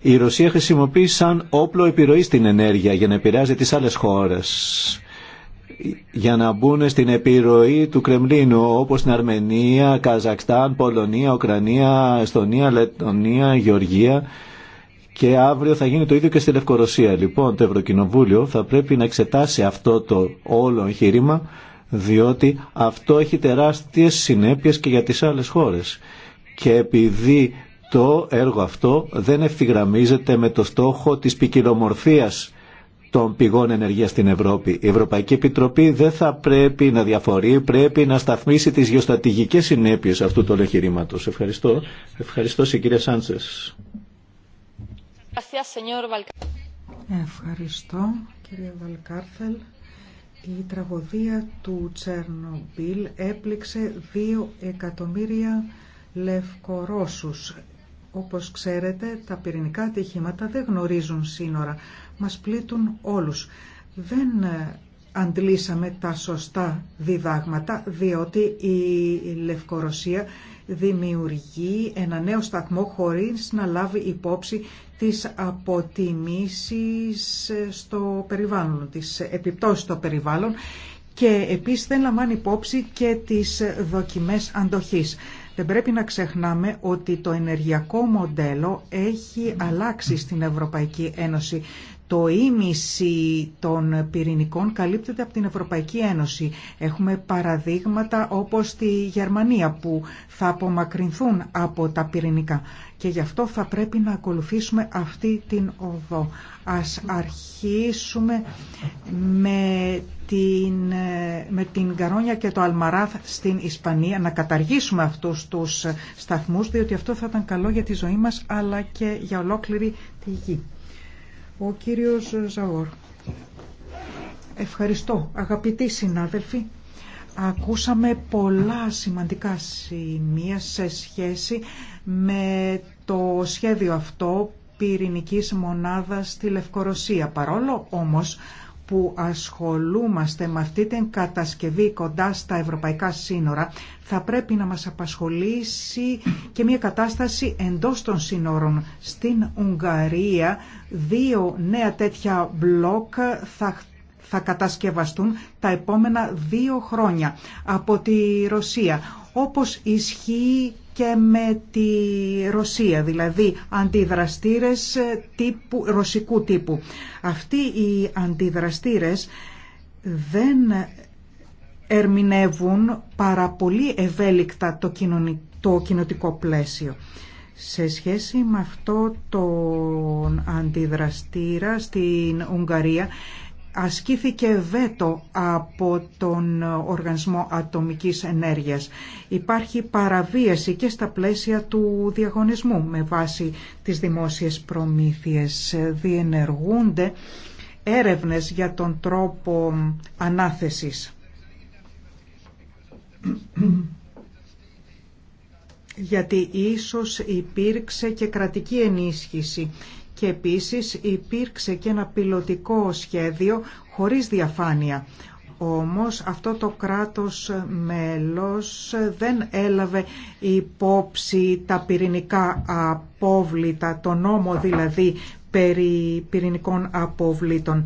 η Ρωσία χρησιμοποιεί σαν όπλο επιρροή στην ενέργεια για να επηρεάζει τις άλλες χώρες για να μπουν στην επιρροή του Κρεμλίνου όπως στην Αρμενία, Καζακστάν, Πολωνία, Ουκρανία, Εστονία, Λετωνία, Γεωργία και αύριο θα γίνει το ίδιο και στη Λευκορωσία. Λοιπόν, το Ευρωκοινοβούλιο θα πρέπει να εξετάσει αυτό το όλο εγχείρημα διότι αυτό έχει τεράστιες συνέπειες και για τις άλλες χώρες. Και επειδή το έργο αυτό δεν ευθυγραμμίζεται με το στόχο της ποικιλομορφία των πηγών ενεργείας στην Ευρώπη. Η Ευρωπαϊκή Επιτροπή δεν θα πρέπει να διαφορεί, πρέπει να σταθμίσει τις γεωστατηγικές συνέπειες αυτού του εγχειρήματο. Ευχαριστώ. Ευχαριστώ σε κυρία Σάντσες. Ευχαριστώ κύριε Βαλκάρθελ. Η τραγωδία του Τσέρνομπιλ έπληξε δύο εκατομμύρια Λευκορώσους όπως ξέρετε, τα πυρηνικά ατυχήματα δεν γνωρίζουν σύνορα. Μας πλήττουν όλους. Δεν ε, αντλήσαμε τα σωστά διδάγματα, διότι η Λευκορωσία δημιουργεί ένα νέο σταθμό χωρίς να λάβει υπόψη τις αποτιμήσεις ε, στο περιβάλλον, τις επιπτώσεις στο περιβάλλον και επίσης δεν λαμβάνει υπόψη και τις δοκιμές αντοχής. Δεν πρέπει να ξεχνάμε ότι το ενεργειακό μοντέλο έχει αλλάξει στην Ευρωπαϊκή Ένωση το ίμιση των πυρηνικών καλύπτεται από την Ευρωπαϊκή Ένωση. Έχουμε παραδείγματα όπως τη Γερμανία που θα απομακρυνθούν από τα πυρηνικά και γι' αυτό θα πρέπει να ακολουθήσουμε αυτή την οδό. Ας αρχίσουμε με την, με Καρόνια και το Αλμαράθ στην Ισπανία, να καταργήσουμε αυτούς τους σταθμούς, διότι αυτό θα ήταν καλό για τη ζωή μας, αλλά και για ολόκληρη τη γη. Ο κύριος Ζαόρ. Ευχαριστώ αγαπητοί συνάδελφοι. Ακούσαμε πολλά σημαντικά σημεία σε σχέση με το σχέδιο αυτό πυρηνικής μονάδας στη Λευκορωσία. Παρόλο όμως που ασχολούμαστε με αυτή την κατασκευή κοντά στα ευρωπαϊκά σύνορα θα πρέπει να μας απασχολήσει και μια κατάσταση εντός των σύνορων. Στην Ουγγαρία δύο νέα τέτοια μπλοκ θα θα κατασκευαστούν τα επόμενα δύο χρόνια από τη Ρωσία όπως ισχύει και με τη Ρωσία, δηλαδή αντιδραστήρες τύπου, ρωσικού τύπου. Αυτοί οι αντιδραστήρες δεν ερμηνεύουν πάρα πολύ ευέλικτα το, κοινωνικό, το πλαίσιο. Σε σχέση με αυτό τον αντιδραστήρα στην Ουγγαρία ασκήθηκε βέτο από τον Οργανισμό Ατομικής Ενέργειας. Υπάρχει παραβίαση και στα πλαίσια του διαγωνισμού με βάση τις δημόσιες προμήθειες. Διενεργούνται έρευνες για τον τρόπο ανάθεσης. Γιατί ίσως υπήρξε και κρατική ενίσχυση και επίσης υπήρξε και ένα πιλωτικό σχέδιο χωρίς διαφάνεια. Όμως αυτό το κράτος μέλος δεν έλαβε υπόψη τα πυρηνικά απόβλητα, το νόμο δηλαδή περί πυρηνικών απόβλητων.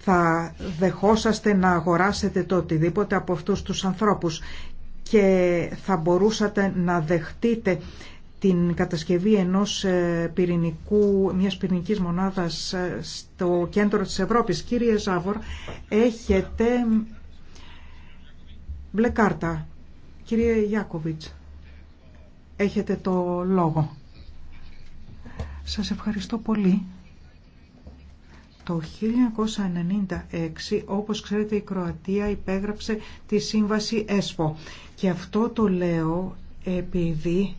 Θα δεχόσαστε να αγοράσετε το οτιδήποτε από αυτούς τους ανθρώπους και θα μπορούσατε να δεχτείτε την κατασκευή ενός ε, πυρηνικού, μιας πυρηνικής μονάδας ε, στο κέντρο της Ευρώπης. Κύριε Ζάβορ, έχετε μπλε κάρτα. Κύριε Γιάκοβιτς, έχετε το λόγο. Σας ευχαριστώ πολύ. Το 1996, όπως ξέρετε, η Κροατία υπέγραψε τη σύμβαση ΕΣΠΟ. Και αυτό το λέω επειδή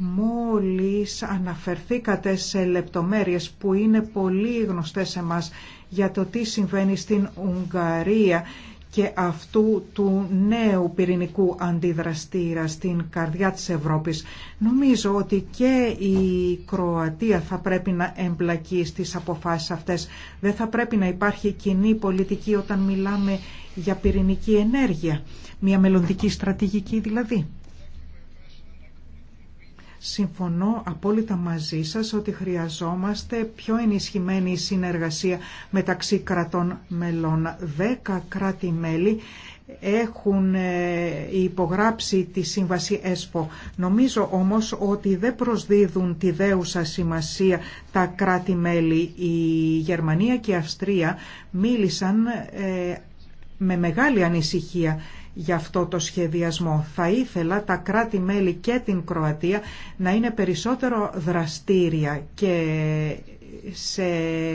Μόλις αναφερθήκατε σε λεπτομέρειες που είναι πολύ γνωστές σε μας για το τι συμβαίνει στην Ουγγαρία και αυτού του νέου πυρηνικού αντιδραστήρα στην καρδιά της Ευρώπης. Νομίζω ότι και η Κροατία θα πρέπει να εμπλακεί στις αποφάσεις αυτές. Δεν θα πρέπει να υπάρχει κοινή πολιτική όταν μιλάμε για πυρηνική ενέργεια, μια μελλοντική στρατηγική δηλαδή. Συμφωνώ απόλυτα μαζί σας ότι χρειαζόμαστε πιο ενισχυμένη συνεργασία μεταξύ κρατών μελών. Δέκα κράτη-μέλη έχουν ε, υπογράψει τη σύμβαση ΕΣΠΟ. Νομίζω όμως ότι δεν προσδίδουν τη δέουσα σημασία τα κράτη-μέλη. Η Γερμανία και η Αυστρία μίλησαν ε, με μεγάλη ανησυχία για αυτό το σχεδιασμό. Θα ήθελα τα κράτη-μέλη και την Κροατία να είναι περισσότερο δραστήρια και σε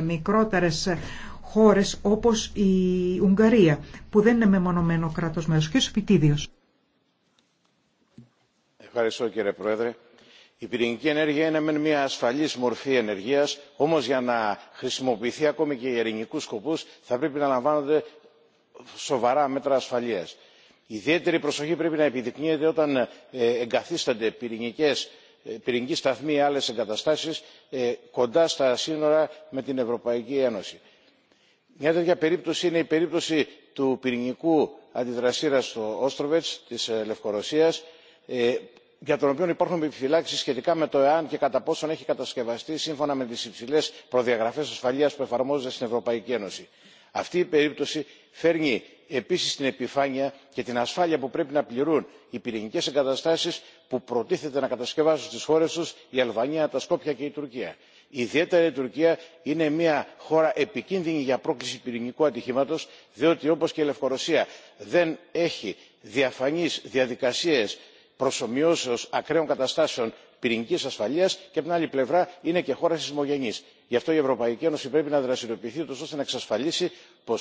μικρότερες χώρες όπως η Ουγγαρία που δεν είναι μεμονωμένο κράτος μέρος. Και ο Σπιτίδιος. Ευχαριστώ κύριε Πρόεδρε. Η πυρηνική ενέργεια είναι μεν μια ασφαλή μορφή ενεργεία, όμω για να χρησιμοποιηθεί ακόμη και για ειρηνικού σκοπού θα πρέπει να λαμβάνονται σοβαρά μέτρα ασφαλεία ιδιαίτερη προσοχή πρέπει να επιδεικνύεται όταν ε, εγκαθίστανται ε, πυρηνικοί σταθμοί ή άλλες εγκαταστάσεις ε, κοντά στα σύνορα με την ευρωπαϊκή ένωση. μια τέτοια περίπτωση είναι η περίπτωση του πυρηνικού αντιδραστήρα στο όστροβετς της λευκορωσίας για τον οποίο υπάρχουν επιφυλάξει σχετικά με το εάν και κατά πόσον έχει κατασκευαστεί σύμφωνα με τι υψηλέ προδιαγραφέ ασφαλεία που εφαρμόζονται στην ευρωπαϊκή ένωση. αυτή η περίπτωση φέρνει επίση την επιφάνεια και την ασφάλεια που πρέπει να πληρούν οι πυρηνικέ εγκαταστάσει που προτίθεται να κατασκευάσουν στι χώρε του η αλβανία τα σκόπια και η τουρκία. ιδιαίτερα η τουρκία είναι μια χώρα επικίνδυνη για πρόκληση πυρηνικού ατυχήματο διότι όπω και η λευκορωσία δεν έχει διαφανεί διαδικασίε Προσωμειώσεω ακραίων καταστάσεων πυρηνική ασφαλεία και από την άλλη πλευρά είναι και χώρα σεισμογενή. γι' αυτό η ευρωπαϊκή ένωση πρέπει να δραστηριοποιηθεί ώστε να εξασφαλίσει πω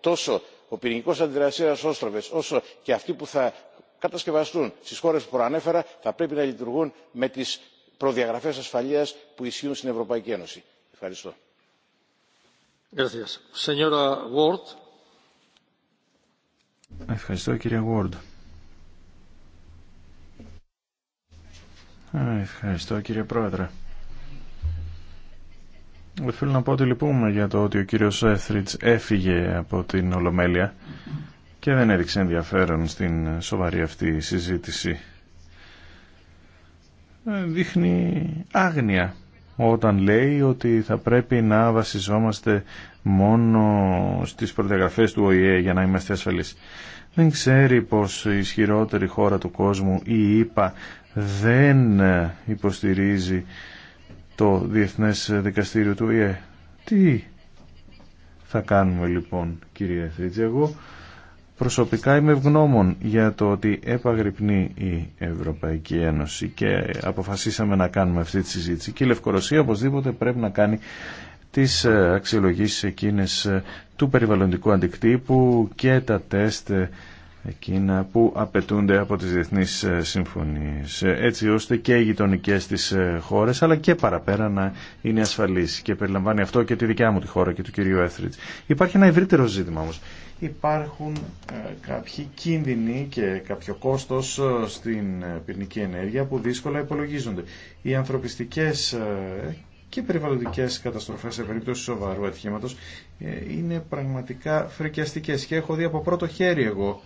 τόσο ο πυρηνικό αντιδραστήρα όστροβε όσο και αυτοί που θα κατασκευαστούν στι χώρε που προανέφερα θα πρέπει να λειτουργούν με τι προδιαγραφέ ασφαλεία που ισχύουν στην ευρωπαϊκή ένωση. ευχαριστώ. Ευχαριστώ Ευχαριστώ κύριε Πρόεδρε. Θέλω να πω ότι λυπούμε για το ότι ο κύριος Έθριτς έφυγε από την Ολομέλεια και δεν έδειξε ενδιαφέρον στην σοβαρή αυτή συζήτηση. Ε, δείχνει άγνοια όταν λέει ότι θα πρέπει να βασιζόμαστε μόνο στις προδιαγραφές του ΟΗΕ για να είμαστε ασφαλείς. Δεν ξέρει πως η ισχυρότερη χώρα του κόσμου, η ΕΕ, δεν υποστηρίζει το Διεθνές Δικαστήριο του ΙΕ. Τι θα κάνουμε λοιπόν κύριε Θρίτζη, εγώ προσωπικά είμαι ευγνώμων για το ότι επαγρυπνεί η Ευρωπαϊκή Ένωση και αποφασίσαμε να κάνουμε αυτή τη συζήτηση και η Λευκορωσία οπωσδήποτε πρέπει να κάνει τις αξιολογήσεις εκείνες του περιβαλλοντικού αντικτύπου και τα τεστ εκείνα που απαιτούνται από τις διεθνείς ε, συμφωνίες ε, έτσι ώστε και οι γειτονικέ της ε, χώρες αλλά και παραπέρα να είναι ασφαλείς και περιλαμβάνει αυτό και τη δικιά μου τη χώρα και του κυρίου Έθριτς. Υπάρχει ένα ευρύτερο ζήτημα όμως. Υπάρχουν κάποιοι κίνδυνοι και κάποιο κόστος στην πυρηνική ενέργεια που δύσκολα υπολογίζονται. Οι ανθρωπιστικές και περιβαλλοντικέ καταστροφέ σε περίπτωση σοβαρού ατυχήματο είναι πραγματικά φρικιαστικέ. και έχω δει από πρώτο χέρι εγώ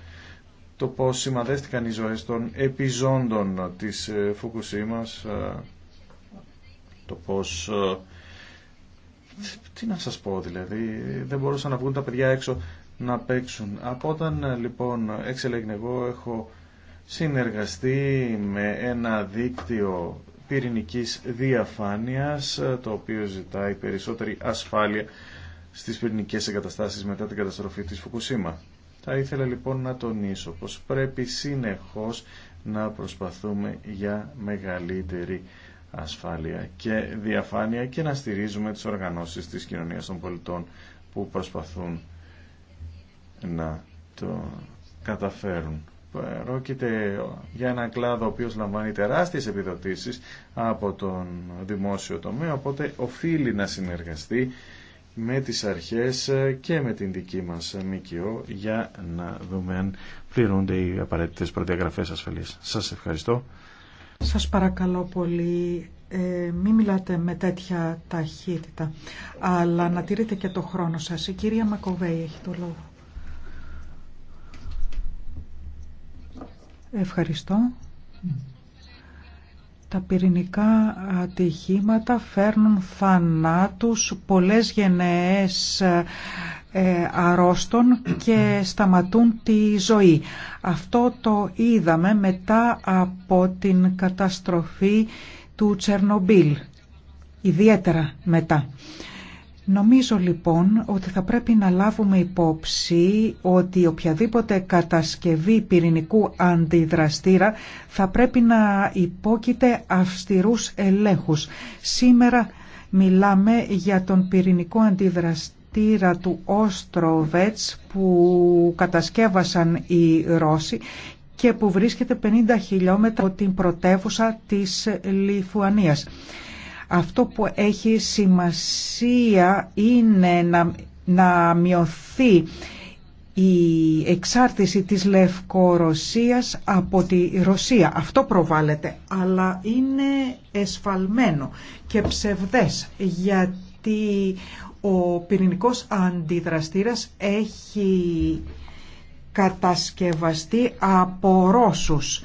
το πώς σημαδεύτηκαν οι ζωές των επιζώντων της ε, Φουκουσίμας, ε, το πώς... Ε, τι να σας πω δηλαδή, δεν μπορούσαν να βγουν τα παιδιά έξω να παίξουν. Από όταν λοιπόν εξελέγνε εγώ έχω συνεργαστεί με ένα δίκτυο πυρηνικής διαφάνειας το οποίο ζητάει περισσότερη ασφάλεια στις πυρηνικές εγκαταστάσεις μετά την καταστροφή της Φουκουσίμα. Θα ήθελα λοιπόν να τονίσω πως πρέπει συνεχώς να προσπαθούμε για μεγαλύτερη ασφάλεια και διαφάνεια και να στηρίζουμε τις οργανώσεις της κοινωνίας των πολιτών που προσπαθούν να το καταφέρουν. Πρόκειται για ένα κλάδο ο οποίος λαμβάνει τεράστιες επιδοτήσεις από τον δημόσιο τομέα, οπότε οφείλει να συνεργαστεί με τις αρχές και με την δική μας ΜΚΟ για να δούμε αν πληρούνται οι απαραίτητες προδιαγραφές ασφαλείας. Σας ευχαριστώ. Σας παρακαλώ πολύ, ε, μην μιλάτε με τέτοια ταχύτητα, αλλά να τηρείτε και το χρόνο σας. Η κυρία Μακοβέη έχει το λόγο. Ευχαριστώ. Τα πυρηνικά ατυχήματα φέρνουν θανάτους, πολλές γενναίες ε, αρρώστων και σταματούν τη ζωή. Αυτό το είδαμε μετά από την καταστροφή του Τσερνομπίλ, ιδιαίτερα μετά. Νομίζω λοιπόν ότι θα πρέπει να λάβουμε υπόψη ότι οποιαδήποτε κατασκευή πυρηνικού αντιδραστήρα θα πρέπει να υπόκειται αυστηρούς ελέγχους. Σήμερα μιλάμε για τον πυρηνικό αντιδραστήρα του Όστροβετς που κατασκεύασαν οι Ρώσοι και που βρίσκεται 50 χιλιόμετρα από την πρωτεύουσα της Λιθουανίας. Αυτό που έχει σημασία είναι να, μειωθεί η εξάρτηση της Λευκορωσίας από τη Ρωσία. Αυτό προβάλλεται, αλλά είναι εσφαλμένο και ψευδές γιατί ο πυρηνικός αντιδραστήρας έχει κατασκευαστεί από Ρώσους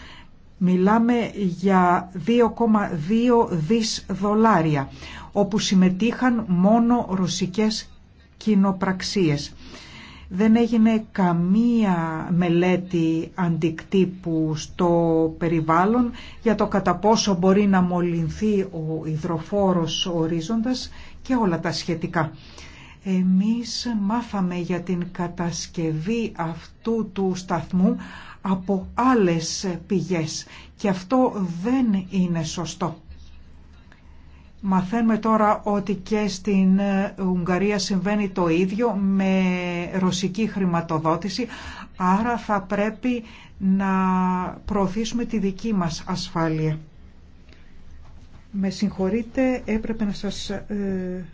Μιλάμε για 2,2 δις δολάρια, όπου συμμετείχαν μόνο ρωσικές κοινοπραξίες. Δεν έγινε καμία μελέτη αντικτύπου στο περιβάλλον για το κατά πόσο μπορεί να μολυνθεί ο υδροφόρος ορίζοντας και όλα τα σχετικά. Εμείς μάθαμε για την κατασκευή αυτού του σταθμού από άλλες πηγές και αυτό δεν είναι σωστό. Μαθαίνουμε τώρα ότι και στην ε, Ουγγαρία συμβαίνει το ίδιο με ρωσική χρηματοδότηση, άρα θα πρέπει να προωθήσουμε τη δική μας ασφάλεια. Με συγχωρείτε, έπρεπε να σας ε,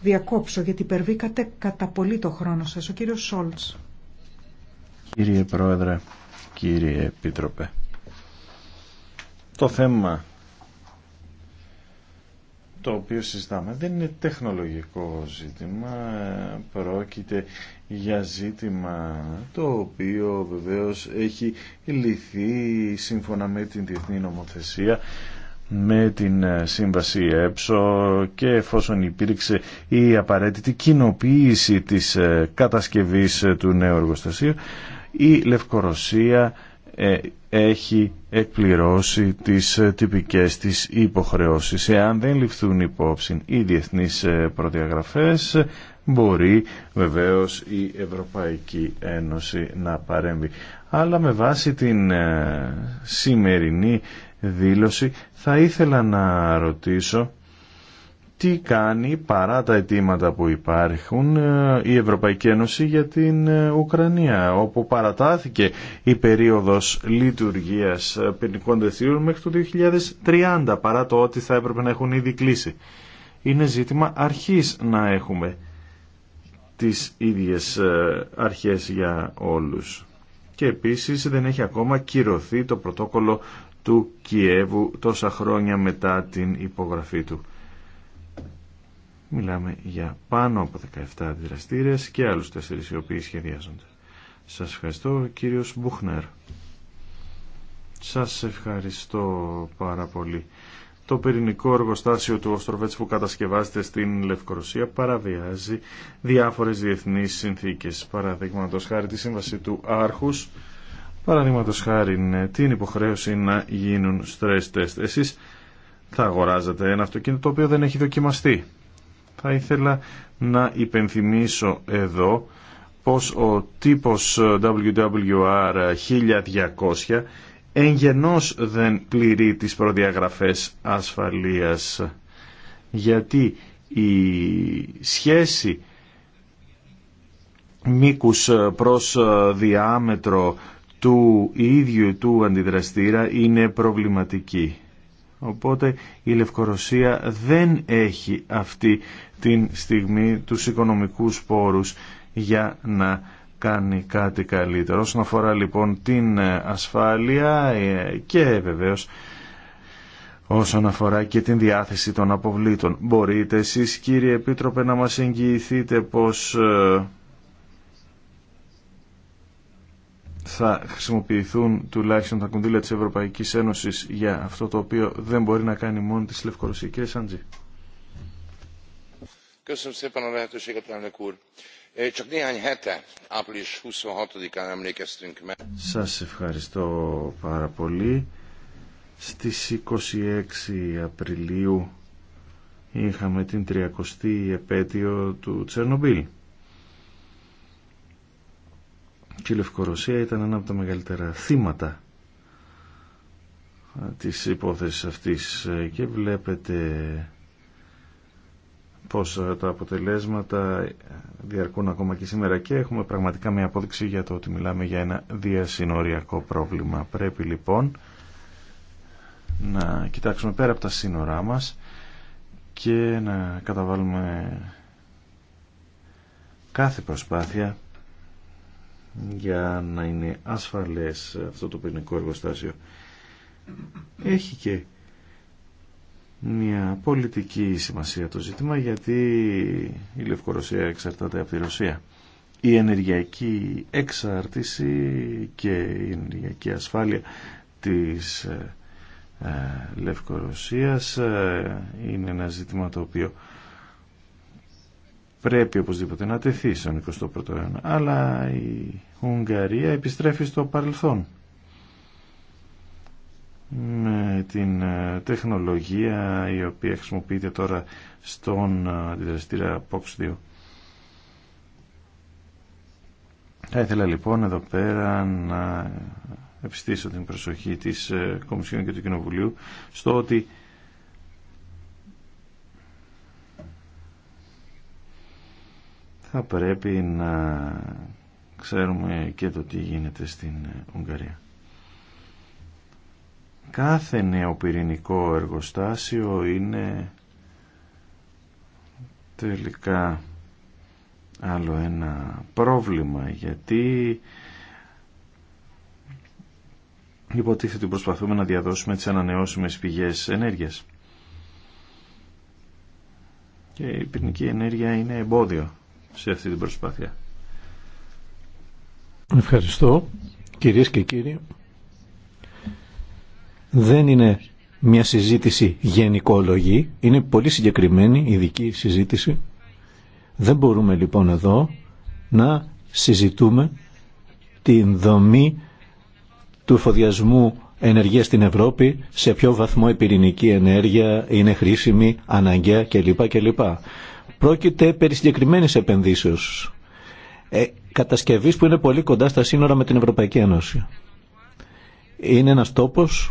διακόψω γιατί υπερβήκατε κατά πολύ το χρόνο σας. Ο κύριος Σόλτς. Κύριε Πρόεδρε, κύριε Επίτροπε. Το θέμα το οποίο συζητάμε δεν είναι τεχνολογικό ζήτημα, πρόκειται για ζήτημα το οποίο βεβαίως έχει λυθεί σύμφωνα με την διεθνή νομοθεσία με την σύμβαση ΕΠΣΟ και εφόσον υπήρξε η απαραίτητη κοινοποίηση της κατασκευής του νέου εργοστασίου η Λευκορωσία ε, έχει εκπληρώσει τις ε, τυπικές της υποχρεώσεις. Εάν δεν ληφθούν υπόψη οι διεθνείς ε, προδιαγραφές, μπορεί βεβαίως η Ευρωπαϊκή Ένωση να παρέμβει. Αλλά με βάση την σημερινή δήλωση θα ήθελα να ρωτήσω τι κάνει παρά τα αιτήματα που υπάρχουν ε, η Ευρωπαϊκή Ένωση για την ε, Ουκρανία όπου παρατάθηκε η περίοδος λειτουργίας ε, ποινικών δεθείων μέχρι το 2030 παρά το ότι θα έπρεπε να έχουν ήδη κλείσει. Είναι ζήτημα αρχής να έχουμε τις ίδιες αρχές για όλους. Και επίσης δεν έχει ακόμα κυρωθεί το πρωτόκολλο του Κιέβου τόσα χρόνια μετά την υπογραφή του. Μιλάμε για πάνω από 17 αντιδραστήρες και άλλου 4 οι οποίοι σχεδιάζονται. Σα ευχαριστώ κύριο Μπούχνερ. Σα ευχαριστώ πάρα πολύ. Το πυρηνικό εργοστάσιο του Οστροβέτς που κατασκευάζεται στην Λευκορωσία παραβιάζει διάφορες διεθνείς συνθήκες. Παραδείγματο χάρη τη σύμβαση του Άρχους, παραδείγματο χάρη ναι, την υποχρέωση να γίνουν stress τεστ. Εσείς θα αγοράζετε ένα αυτοκίνητο το οποίο δεν έχει δοκιμαστεί. Θα ήθελα να υπενθυμίσω εδώ πως ο τύπος WWR 1200 εγγενώς δεν πληρεί τις προδιαγραφές ασφαλείας γιατί η σχέση μήκους προς διάμετρο του ίδιου του αντιδραστήρα είναι προβληματική. Οπότε η Λευκορωσία δεν έχει αυτή την στιγμή τους οικονομικούς πόρους για να κάνει κάτι καλύτερο. Όσον αφορά λοιπόν την ε, ασφάλεια ε, και βεβαίως όσον αφορά και την διάθεση των αποβλήτων. Μπορείτε εσείς κύριε Επίτροπε να μας εγγυηθείτε πως ε, θα χρησιμοποιηθούν τουλάχιστον τα κονδύλια της Ευρωπαϊκής Ένωσης για αυτό το οποίο δεν μπορεί να κάνει μόνο της Λευκορωσία. Κύριε Σάντζη. Σας ευχαριστώ πάρα πολύ. Στις 26 Απριλίου είχαμε την 30η επέτειο του Τσερνομπίλ. Και η Λευκορωσία ήταν ένα από τα μεγαλύτερα θύματα της υπόθεσης αυτής ε, και βλέπετε πως ε, τα αποτελέσματα διαρκούν ακόμα και σήμερα και έχουμε πραγματικά μια απόδειξη για το ότι μιλάμε για ένα διασυνοριακό πρόβλημα. Πρέπει λοιπόν να κοιτάξουμε πέρα από τα σύνορά μας και να καταβάλουμε κάθε προσπάθεια για να είναι ασφαλές αυτό το ποινικό εργοστάσιο. Έχει και μια πολιτική σημασία το ζήτημα γιατί η Λευκορωσία εξαρτάται από τη Ρωσία. Η ενεργειακή εξάρτηση και η ενεργειακή ασφάλεια της ε, ε, Λευκορωσίας ε, είναι ένα ζήτημα το οποίο πρέπει οπωσδήποτε να τεθεί στον 21ο αιώνα αλλά η Ουγγαρία επιστρέφει στο παρελθόν με την ε, τεχνολογία η οποία χρησιμοποιείται τώρα στον ε, αντιδραστήρα POX 2. Θα ήθελα λοιπόν εδώ πέρα να επιστήσω την προσοχή της ε, Κομισιόν και του Κοινοβουλίου στο ότι θα πρέπει να ξέρουμε και το τι γίνεται στην Ουγγαρία. Κάθε νέο πυρηνικό εργοστάσιο είναι τελικά άλλο ένα πρόβλημα γιατί υποτίθεται ότι προσπαθούμε να διαδώσουμε τις ανανεώσιμες πηγές ενέργειας. Και η πυρηνική ενέργεια είναι εμπόδιο σε αυτή την προσπάθεια. Ευχαριστώ κυρίες και κύριοι δεν είναι μια συζήτηση γενικόλογη, είναι πολύ συγκεκριμένη δική συζήτηση. Δεν μπορούμε λοιπόν εδώ να συζητούμε την δομή του εφοδιασμού ενεργείας στην Ευρώπη, σε ποιο βαθμό η πυρηνική ενέργεια είναι χρήσιμη, αναγκαία κλπ. κλπ. Πρόκειται περί συγκεκριμένη επενδύσεως, ε, που είναι πολύ κοντά στα σύνορα με την Ευρωπαϊκή Ένωση. Είναι ένας τόπος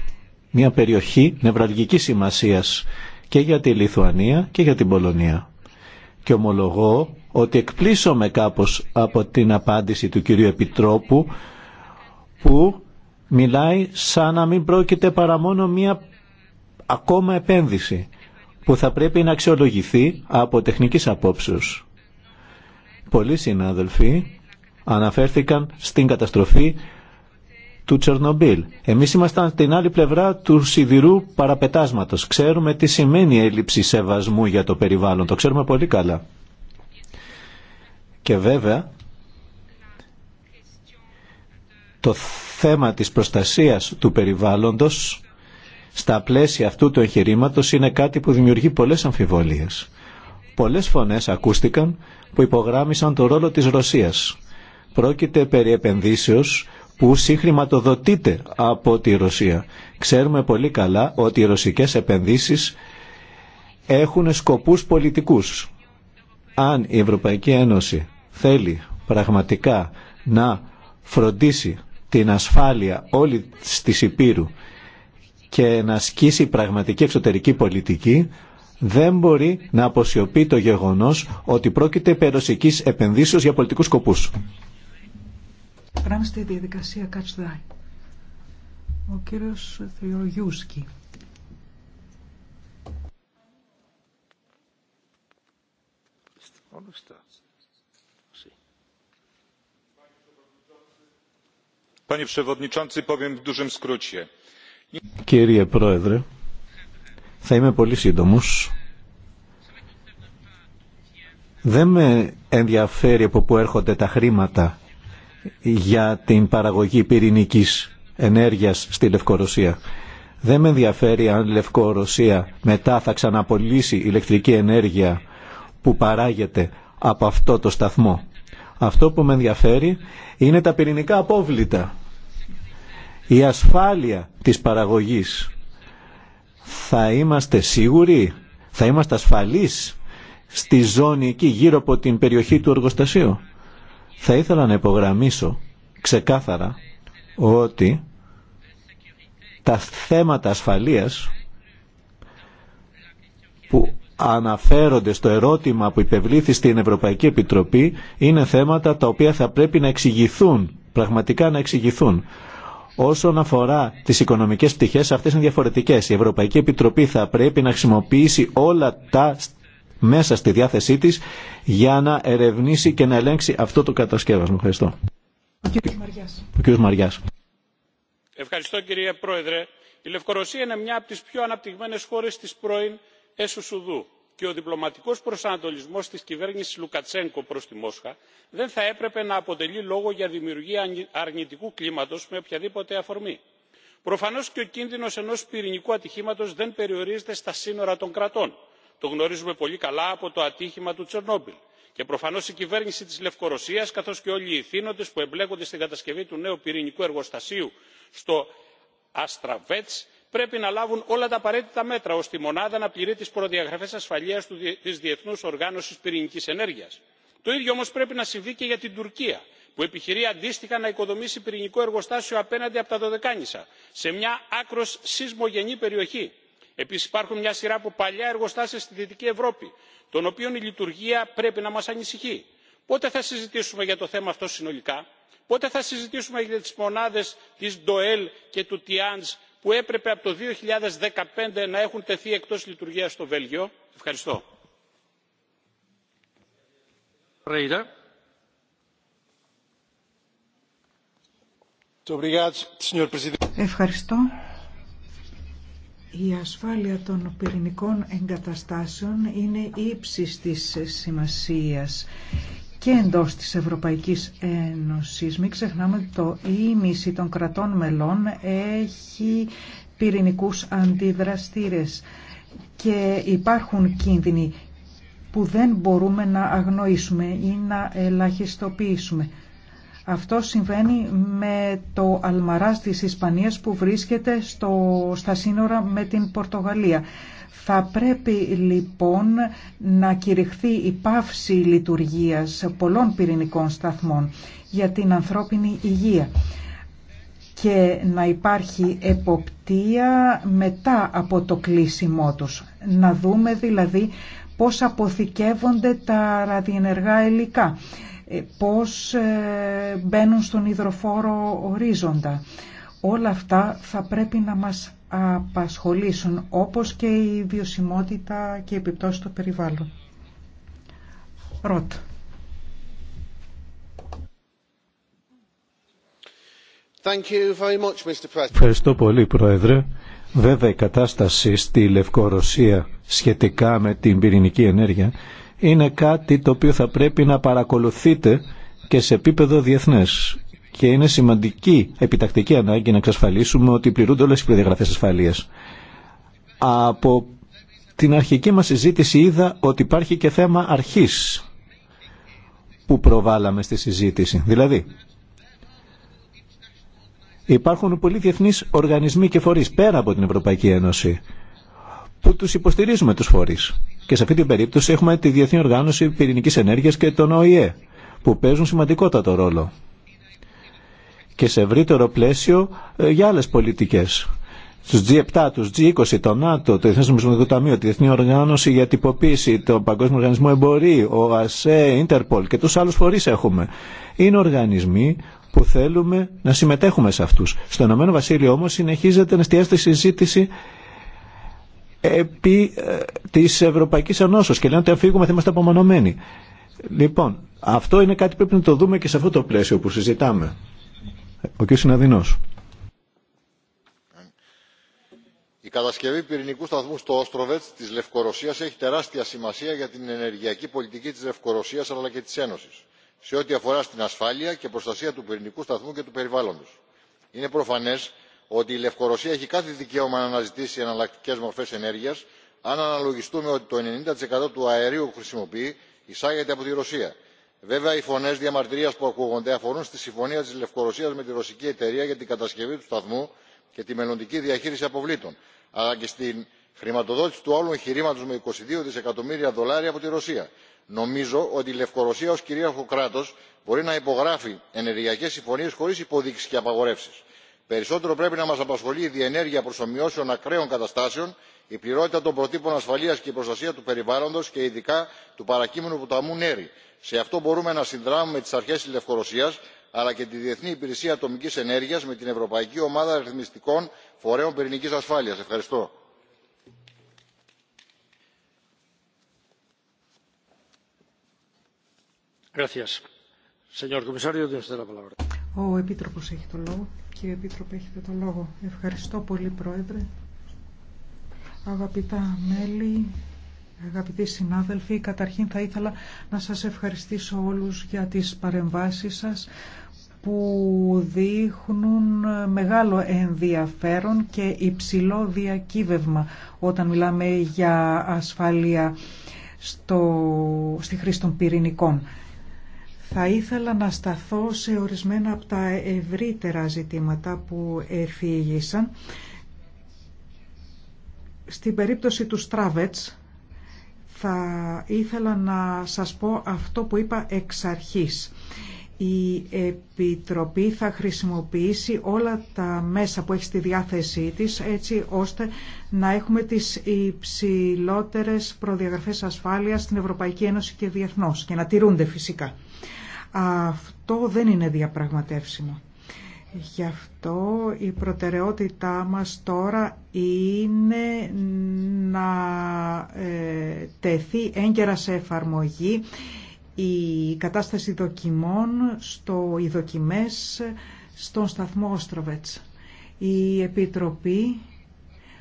μια περιοχή νευραλγικής σημασίας και για τη Λιθουανία και για την Πολωνία. Και ομολογώ ότι εκπλήσωμε κάπως από την απάντηση του κυρίου Επιτρόπου που μιλάει σαν να μην πρόκειται παρά μόνο μια ακόμα επένδυση που θα πρέπει να αξιολογηθεί από τεχνικής απόψεως. Πολλοί συνάδελφοι αναφέρθηκαν στην καταστροφή του Τσερνομπίλ. Εμείς ήμασταν την άλλη πλευρά του σιδηρού παραπετάσματος. Ξέρουμε τι σημαίνει έλλειψη σεβασμού για το περιβάλλον. Το ξέρουμε πολύ καλά. Και βέβαια, το θέμα της προστασίας του περιβάλλοντος στα πλαίσια αυτού του εγχειρήματο είναι κάτι που δημιουργεί πολλές αμφιβολίες. Πολλές φωνές ακούστηκαν που υπογράμμισαν το ρόλο της Ρωσίας. Πρόκειται περί επενδύσεως που συγχρηματοδοτείται από τη Ρωσία. Ξέρουμε πολύ καλά ότι οι ρωσικές επενδύσεις έχουν σκοπούς πολιτικούς. Αν η Ευρωπαϊκή Ένωση θέλει πραγματικά να φροντίσει την ασφάλεια όλη τη Υπήρου και να ασκήσει πραγματική εξωτερική πολιτική, δεν μπορεί να αποσιωπεί το γεγονός ότι πρόκειται περί ρωσικής επενδύσεως για πολιτικούς σκοπούς. Πράγματι, στη διαδικασία Catch the Eye. Ο κύριος Θεογιούσκη. Κύριε Πρόεδρε, θα είμαι πολύ σύντομος. Δεν με ενδιαφέρει από πού έρχονται τα χρήματα για την παραγωγή πυρηνικής ενέργειας στη Λευκορωσία. Δεν με ενδιαφέρει αν η Λευκορωσία μετά θα ξαναπολύσει ηλεκτρική ενέργεια που παράγεται από αυτό το σταθμό. Αυτό που με ενδιαφέρει είναι τα πυρηνικά απόβλητα. Η ασφάλεια της παραγωγής. Θα είμαστε σίγουροι, θα είμαστε ασφαλείς στη ζώνη εκεί γύρω από την περιοχή του εργοστασίου. Θα ήθελα να υπογραμμίσω ξεκάθαρα ότι τα θέματα ασφαλείας που αναφέρονται στο ερώτημα που υπευλήθη στην Ευρωπαϊκή Επιτροπή είναι θέματα τα οποία θα πρέπει να εξηγηθούν, πραγματικά να εξηγηθούν. Όσον αφορά τι οικονομικέ πτυχέ, αυτέ είναι διαφορετικέ. Η Ευρωπαϊκή Επιτροπή θα πρέπει να χρησιμοποιήσει όλα τα μέσα στη διάθεσή της για να ερευνήσει και να ελέγξει αυτό το κατασκεύασμα. Ευχαριστώ. Ο κ. Μαριάς. Ευχαριστώ κύριε Πρόεδρε. Η Λευκορωσία είναι μια από τις πιο αναπτυγμένες χώρες της πρώην Έσου και ο διπλωματικός προσανατολισμός της κυβέρνησης Λουκατσένκο προς τη Μόσχα δεν θα έπρεπε να αποτελεί λόγο για δημιουργία αρνητικού κλίματος με οποιαδήποτε αφορμή. Προφανώς και ο κίνδυνος ενός πυρηνικού ατυχήματος δεν περιορίζεται στα σύνορα των κρατών το γνωρίζουμε πολύ καλά από το ατύχημα του τσερνόμπιλ και προφανώς η κυβέρνηση της λευκορωσίας καθώς και όλοι οι ηθήνοντες που εμπλέκονται στην κατασκευή του νέου πυρηνικού εργοστασίου στο αστραβέτς πρέπει να λάβουν όλα τα απαραίτητα μέτρα ώστε η μονάδα να πληρεί τις προδιαγραφές ασφαλείας της διεθνούς οργάνωσης πυρηνικής ενέργειας. το ίδιο όμως πρέπει να συμβεί και για την τουρκία που επιχειρεί αντίστοιχα να οικοδομήσει πυρηνικό εργοστάσιο απέναντι από τα δωδεκάνησα σε μια άκρος σεισμογενή περιοχή επίσης υπάρχουν μια σειρά από παλιά εργοστάσια στη δυτική ευρώπη των οποίων η λειτουργία πρέπει να μας ανησυχεί. πότε θα συζητήσουμε για το θέμα αυτό συνολικά; πότε θα συζητήσουμε για τις μονάδες της ντοέλ και του τιάντζ που έπρεπε από το 2015 να έχουν τεθεί εκτός λειτουργίας στο βέλγιο; Ευχαριστώ. Η ασφάλεια των πυρηνικών εγκαταστάσεων είναι ύψης της σημασίας και εντός της Ευρωπαϊκής Ένωσης. Μην ξεχνάμε ότι το ίμιση των κρατών μελών έχει πυρηνικούς αντιδραστήρες και υπάρχουν κίνδυνοι που δεν μπορούμε να αγνοήσουμε ή να ελαχιστοποιήσουμε. Αυτό συμβαίνει με το αλμαρά της Ισπανίας που βρίσκεται στο, στα σύνορα με την Πορτογαλία. Θα πρέπει λοιπόν να κηρυχθεί η πάυση λειτουργίας πολλών πυρηνικών σταθμών για την ανθρώπινη υγεία και να υπάρχει εποπτεία μετά από το κλείσιμό τους. Να δούμε δηλαδή πώς αποθηκεύονται τα ραδιενεργά υλικά πώς ε, μπαίνουν στον υδροφόρο ορίζοντα. Όλα αυτά θα πρέπει να μας απασχολήσουν, όπως και η βιωσιμότητα και η επιπτώση στο περιβάλλον. Ρότ. Ευχαριστώ πολύ, Πρόεδρε. Βέβαια, η κατάσταση στη Λευκορωσία σχετικά με την πυρηνική ενέργεια είναι κάτι το οποίο θα πρέπει να παρακολουθείτε και σε επίπεδο διεθνές. Και είναι σημαντική επιτακτική ανάγκη να εξασφαλίσουμε ότι πληρούνται όλες οι προδιαγραφές ασφαλείας. Από την αρχική μας συζήτηση είδα ότι υπάρχει και θέμα αρχής που προβάλαμε στη συζήτηση. Δηλαδή, υπάρχουν πολλοί διεθνείς οργανισμοί και φορείς πέρα από την Ευρωπαϊκή Ένωση που τους υποστηρίζουμε τους φορείς. Και σε αυτή την περίπτωση έχουμε τη Διεθνή Οργάνωση Πυρηνικής Ενέργειας και τον ΟΗΕ, που παίζουν σημαντικότατο ρόλο. Και σε ευρύτερο πλαίσιο ε, για άλλες πολιτικές. Στους G7, του G20, το ΝΑΤΟ, το Διεθνές Νομισματικό τη Διεθνή Οργάνωση για Τυποποίηση, το Παγκόσμιο Οργανισμό Εμπορίου, ο ΑΣΕ, Ιντερπολ και του άλλου φορεί έχουμε. Είναι οργανισμοί που θέλουμε να συμμετέχουμε σε αυτού. Στο Ηνωμένο Βασίλειο συνεχίζεται να εστιάζεται συζήτηση επί ε, της Ευρωπαϊκής Ενώσεως και λένε ότι αν φύγουμε θα είμαστε απομονωμένοι. Λοιπόν, αυτό είναι κάτι που πρέπει να το δούμε και σε αυτό το πλαίσιο που συζητάμε. Ο κ. Συναδεινός. Η κατασκευή πυρηνικού σταθμού στο Όστροβετ τη Λευκορωσία έχει τεράστια σημασία για την ενεργειακή πολιτική τη Λευκορωσία αλλά και τη Ένωση, σε ό,τι αφορά στην ασφάλεια και προστασία του πυρηνικού σταθμού και του περιβάλλοντο. Είναι προφανέ ότι η λευκορωσία έχει κάθε δικαίωμα να αναζητήσει εναλλακτικέ μορφέ ενέργεια αν αναλογιστούμε ότι το 90% του αερίου που χρησιμοποιεί εισάγεται από τη Ρωσία. Βέβαια, οι φωνέ διαμαρτυρία που ακούγονται αφορούν στη συμφωνία τη Λευκορωσία με τη ρωσική εταιρεία για την κατασκευή του σταθμού και τη μελλοντική διαχείριση αποβλήτων, αλλά και στη χρηματοδότηση του όλου εγχειρήματο με 22 δισεκατομμύρια δολάρια από τη Ρωσία. Νομίζω ότι η Λευκορωσία ω κυρίαρχο κράτο μπορεί να υπογράφει ενεργειακέ συμφωνίε χωρί υποδείξει και απαγορεύσει περισσότερο πρέπει να μας απασχολεί η διενέργεια προσωμιώσεων ακραίων καταστάσεων η πληρότητα των προτύπων ασφαλεία και η προστασία του περιβάλλοντος και ειδικά του παρακείμενου ποταμού νέρη. σε αυτό μπορούμε να συνδράμουμε τις αρχές της λευκορωσίας, αλλά και τη διεθνή υπηρεσία ατομική ενέργεια με την ευρωπαϊκή ομάδα ρυθμιστικών φορέων πυρηνική ασφάλεια. ευχαριστώ. Ο Επίτροπος έχει το λόγο. Κύριε Επίτροπε, έχετε το λόγο. Ευχαριστώ πολύ, Πρόεδρε. Αγαπητά μέλη, αγαπητοί συνάδελφοι, καταρχήν θα ήθελα να σας ευχαριστήσω όλους για τις παρεμβάσεις σας που δείχνουν μεγάλο ενδιαφέρον και υψηλό διακύβευμα όταν μιλάμε για ασφάλεια στο, στη χρήση των πυρηνικών. Θα ήθελα να σταθώ σε ορισμένα από τα ευρύτερα ζητήματα που εφήγησαν. Στην περίπτωση του Στράβετς θα ήθελα να σας πω αυτό που είπα εξ αρχής η Επιτροπή θα χρησιμοποιήσει όλα τα μέσα που έχει στη διάθεσή της έτσι ώστε να έχουμε τις υψηλότερες προδιαγραφές ασφάλειας στην Ευρωπαϊκή Ένωση και διεθνώς και να τηρούνται φυσικά. Αυτό δεν είναι διαπραγματεύσιμο. Γι' αυτό η προτεραιότητά μας τώρα είναι να ε, τεθεί έγκαιρα σε εφαρμογή η κατάσταση δοκιμών, στο, οι στον σταθμό Όστροβετς. Η Επιτροπή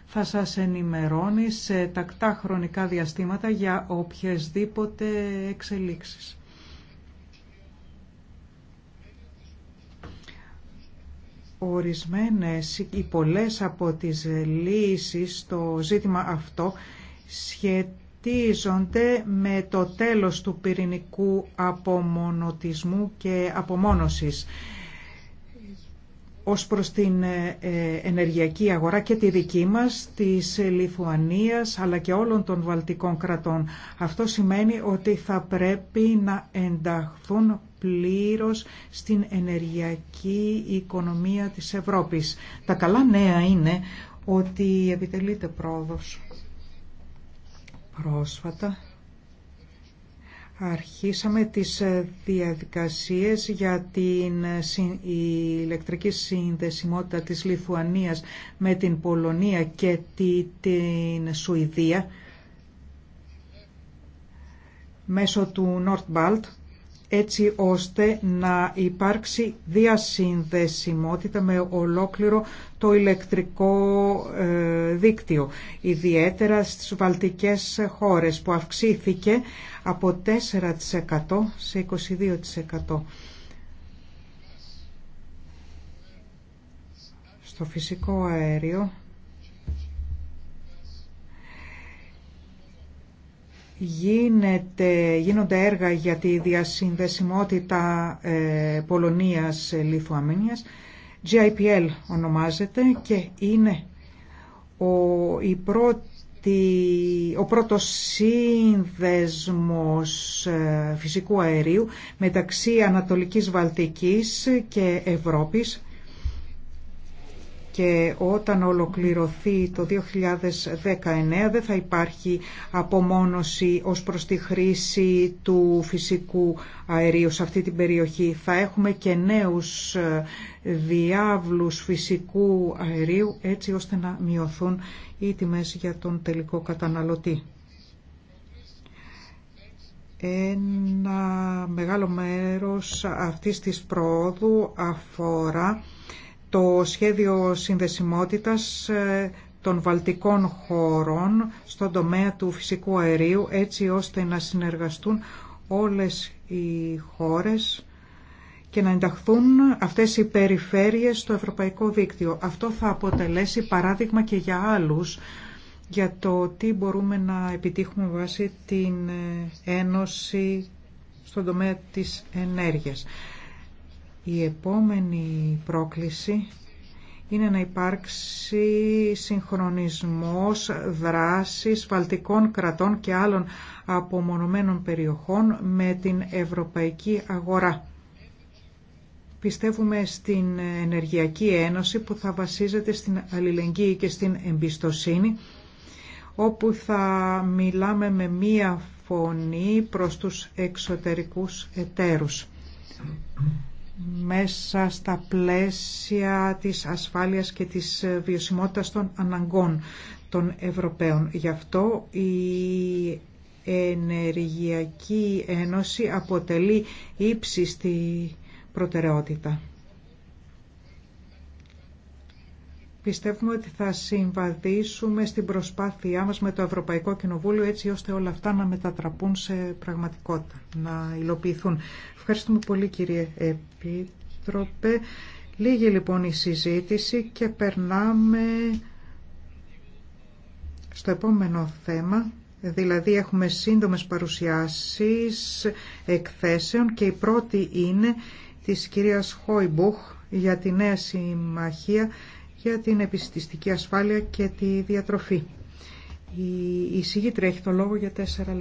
θα σας ενημερώνει σε τακτά χρονικά διαστήματα για οποιασδήποτε εξελίξεις. Ορισμένες ή πολλές από τις λύσεις στο ζήτημα αυτό σχετικά ταυτίζονται με το τέλος του πυρηνικού απομονωτισμού και απομόνωσης ως προς την ε, ενεργειακή αγορά και τη δική μας, της Λιθουανίας αλλά και όλων των βαλτικών κρατών. Αυτό σημαίνει ότι θα πρέπει να ενταχθούν πλήρως στην ενεργειακή οικονομία της Ευρώπης. Τα καλά νέα είναι ότι επιτελείται πρόοδος Πρόσφατα αρχίσαμε τις ε, διαδικασίες για την ε, ηλεκτρική συνδεσιμότητα της Λιθουανίας με την Πολωνία και την Σουηδία μέσω του Μπαλτ έτσι ώστε να υπάρξει διασυνδεσιμότητα με ολόκληρο το ηλεκτρικό ε, δίκτυο. Ιδιαίτερα στις βαλτικές χώρες που αυξήθηκε από 4% σε 22%. Στο φυσικό αέριο Γίνεται, γίνονται έργα για τη διασυνδεσιμότητα ε, Πολωνίας-Λιθουαμίνιας. Ε, GIPL ονομάζεται και είναι ο, η πρώτη, ο πρώτος σύνδεσμος ε, φυσικού αερίου μεταξύ Ανατολικής Βαλτικής και Ευρώπης και όταν ολοκληρωθεί το 2019 δεν θα υπάρχει απομόνωση ως προς τη χρήση του φυσικού αερίου σε αυτή την περιοχή. Θα έχουμε και νέους ε, διάβλους φυσικού αερίου έτσι ώστε να μειωθούν οι τιμές για τον τελικό καταναλωτή. Ένα μεγάλο μέρος αυτής της πρόοδου αφορά το σχέδιο συνδεσιμότητας ε, των βαλτικών χωρών στον τομέα του φυσικού αερίου έτσι ώστε να συνεργαστούν όλες οι χώρες και να ενταχθούν αυτές οι περιφέρειες στο ευρωπαϊκό δίκτυο. Αυτό θα αποτελέσει παράδειγμα και για άλλους για το τι μπορούμε να επιτύχουμε βάσει την ε, Ένωση στον τομέα της ενέργειας. Η επόμενη πρόκληση είναι να υπάρξει συγχρονισμός δράσης βαλτικών κρατών και άλλων απομονωμένων περιοχών με την ευρωπαϊκή αγορά. Πιστεύουμε στην Ενεργειακή Ένωση που θα βασίζεται στην αλληλεγγύη και στην εμπιστοσύνη, όπου θα μιλάμε με μία φωνή προς τους εξωτερικούς εταίρους μέσα στα πλαίσια της ασφάλειας και της βιωσιμότητας των αναγκών των Ευρωπαίων. Γι' αυτό η Ενεργειακή Ένωση αποτελεί ύψιστη προτεραιότητα. Πιστεύουμε ότι θα συμβαδίσουμε στην προσπάθειά μας με το Ευρωπαϊκό Κοινοβούλιο έτσι ώστε όλα αυτά να μετατραπούν σε πραγματικότητα, να υλοποιηθούν. Ευχαριστούμε πολύ κύριε Επίτροπε. Λίγη λοιπόν η συζήτηση και περνάμε στο επόμενο θέμα. Δηλαδή έχουμε σύντομες παρουσιάσεις εκθέσεων και η πρώτη είναι της κυρίας Χόιμπουχ για τη νέα συμμαχία για την επιστηστική ασφάλεια και τη διατροφή. Η εισηγήτρια έχει το λόγο για τέσσερα λεπτά.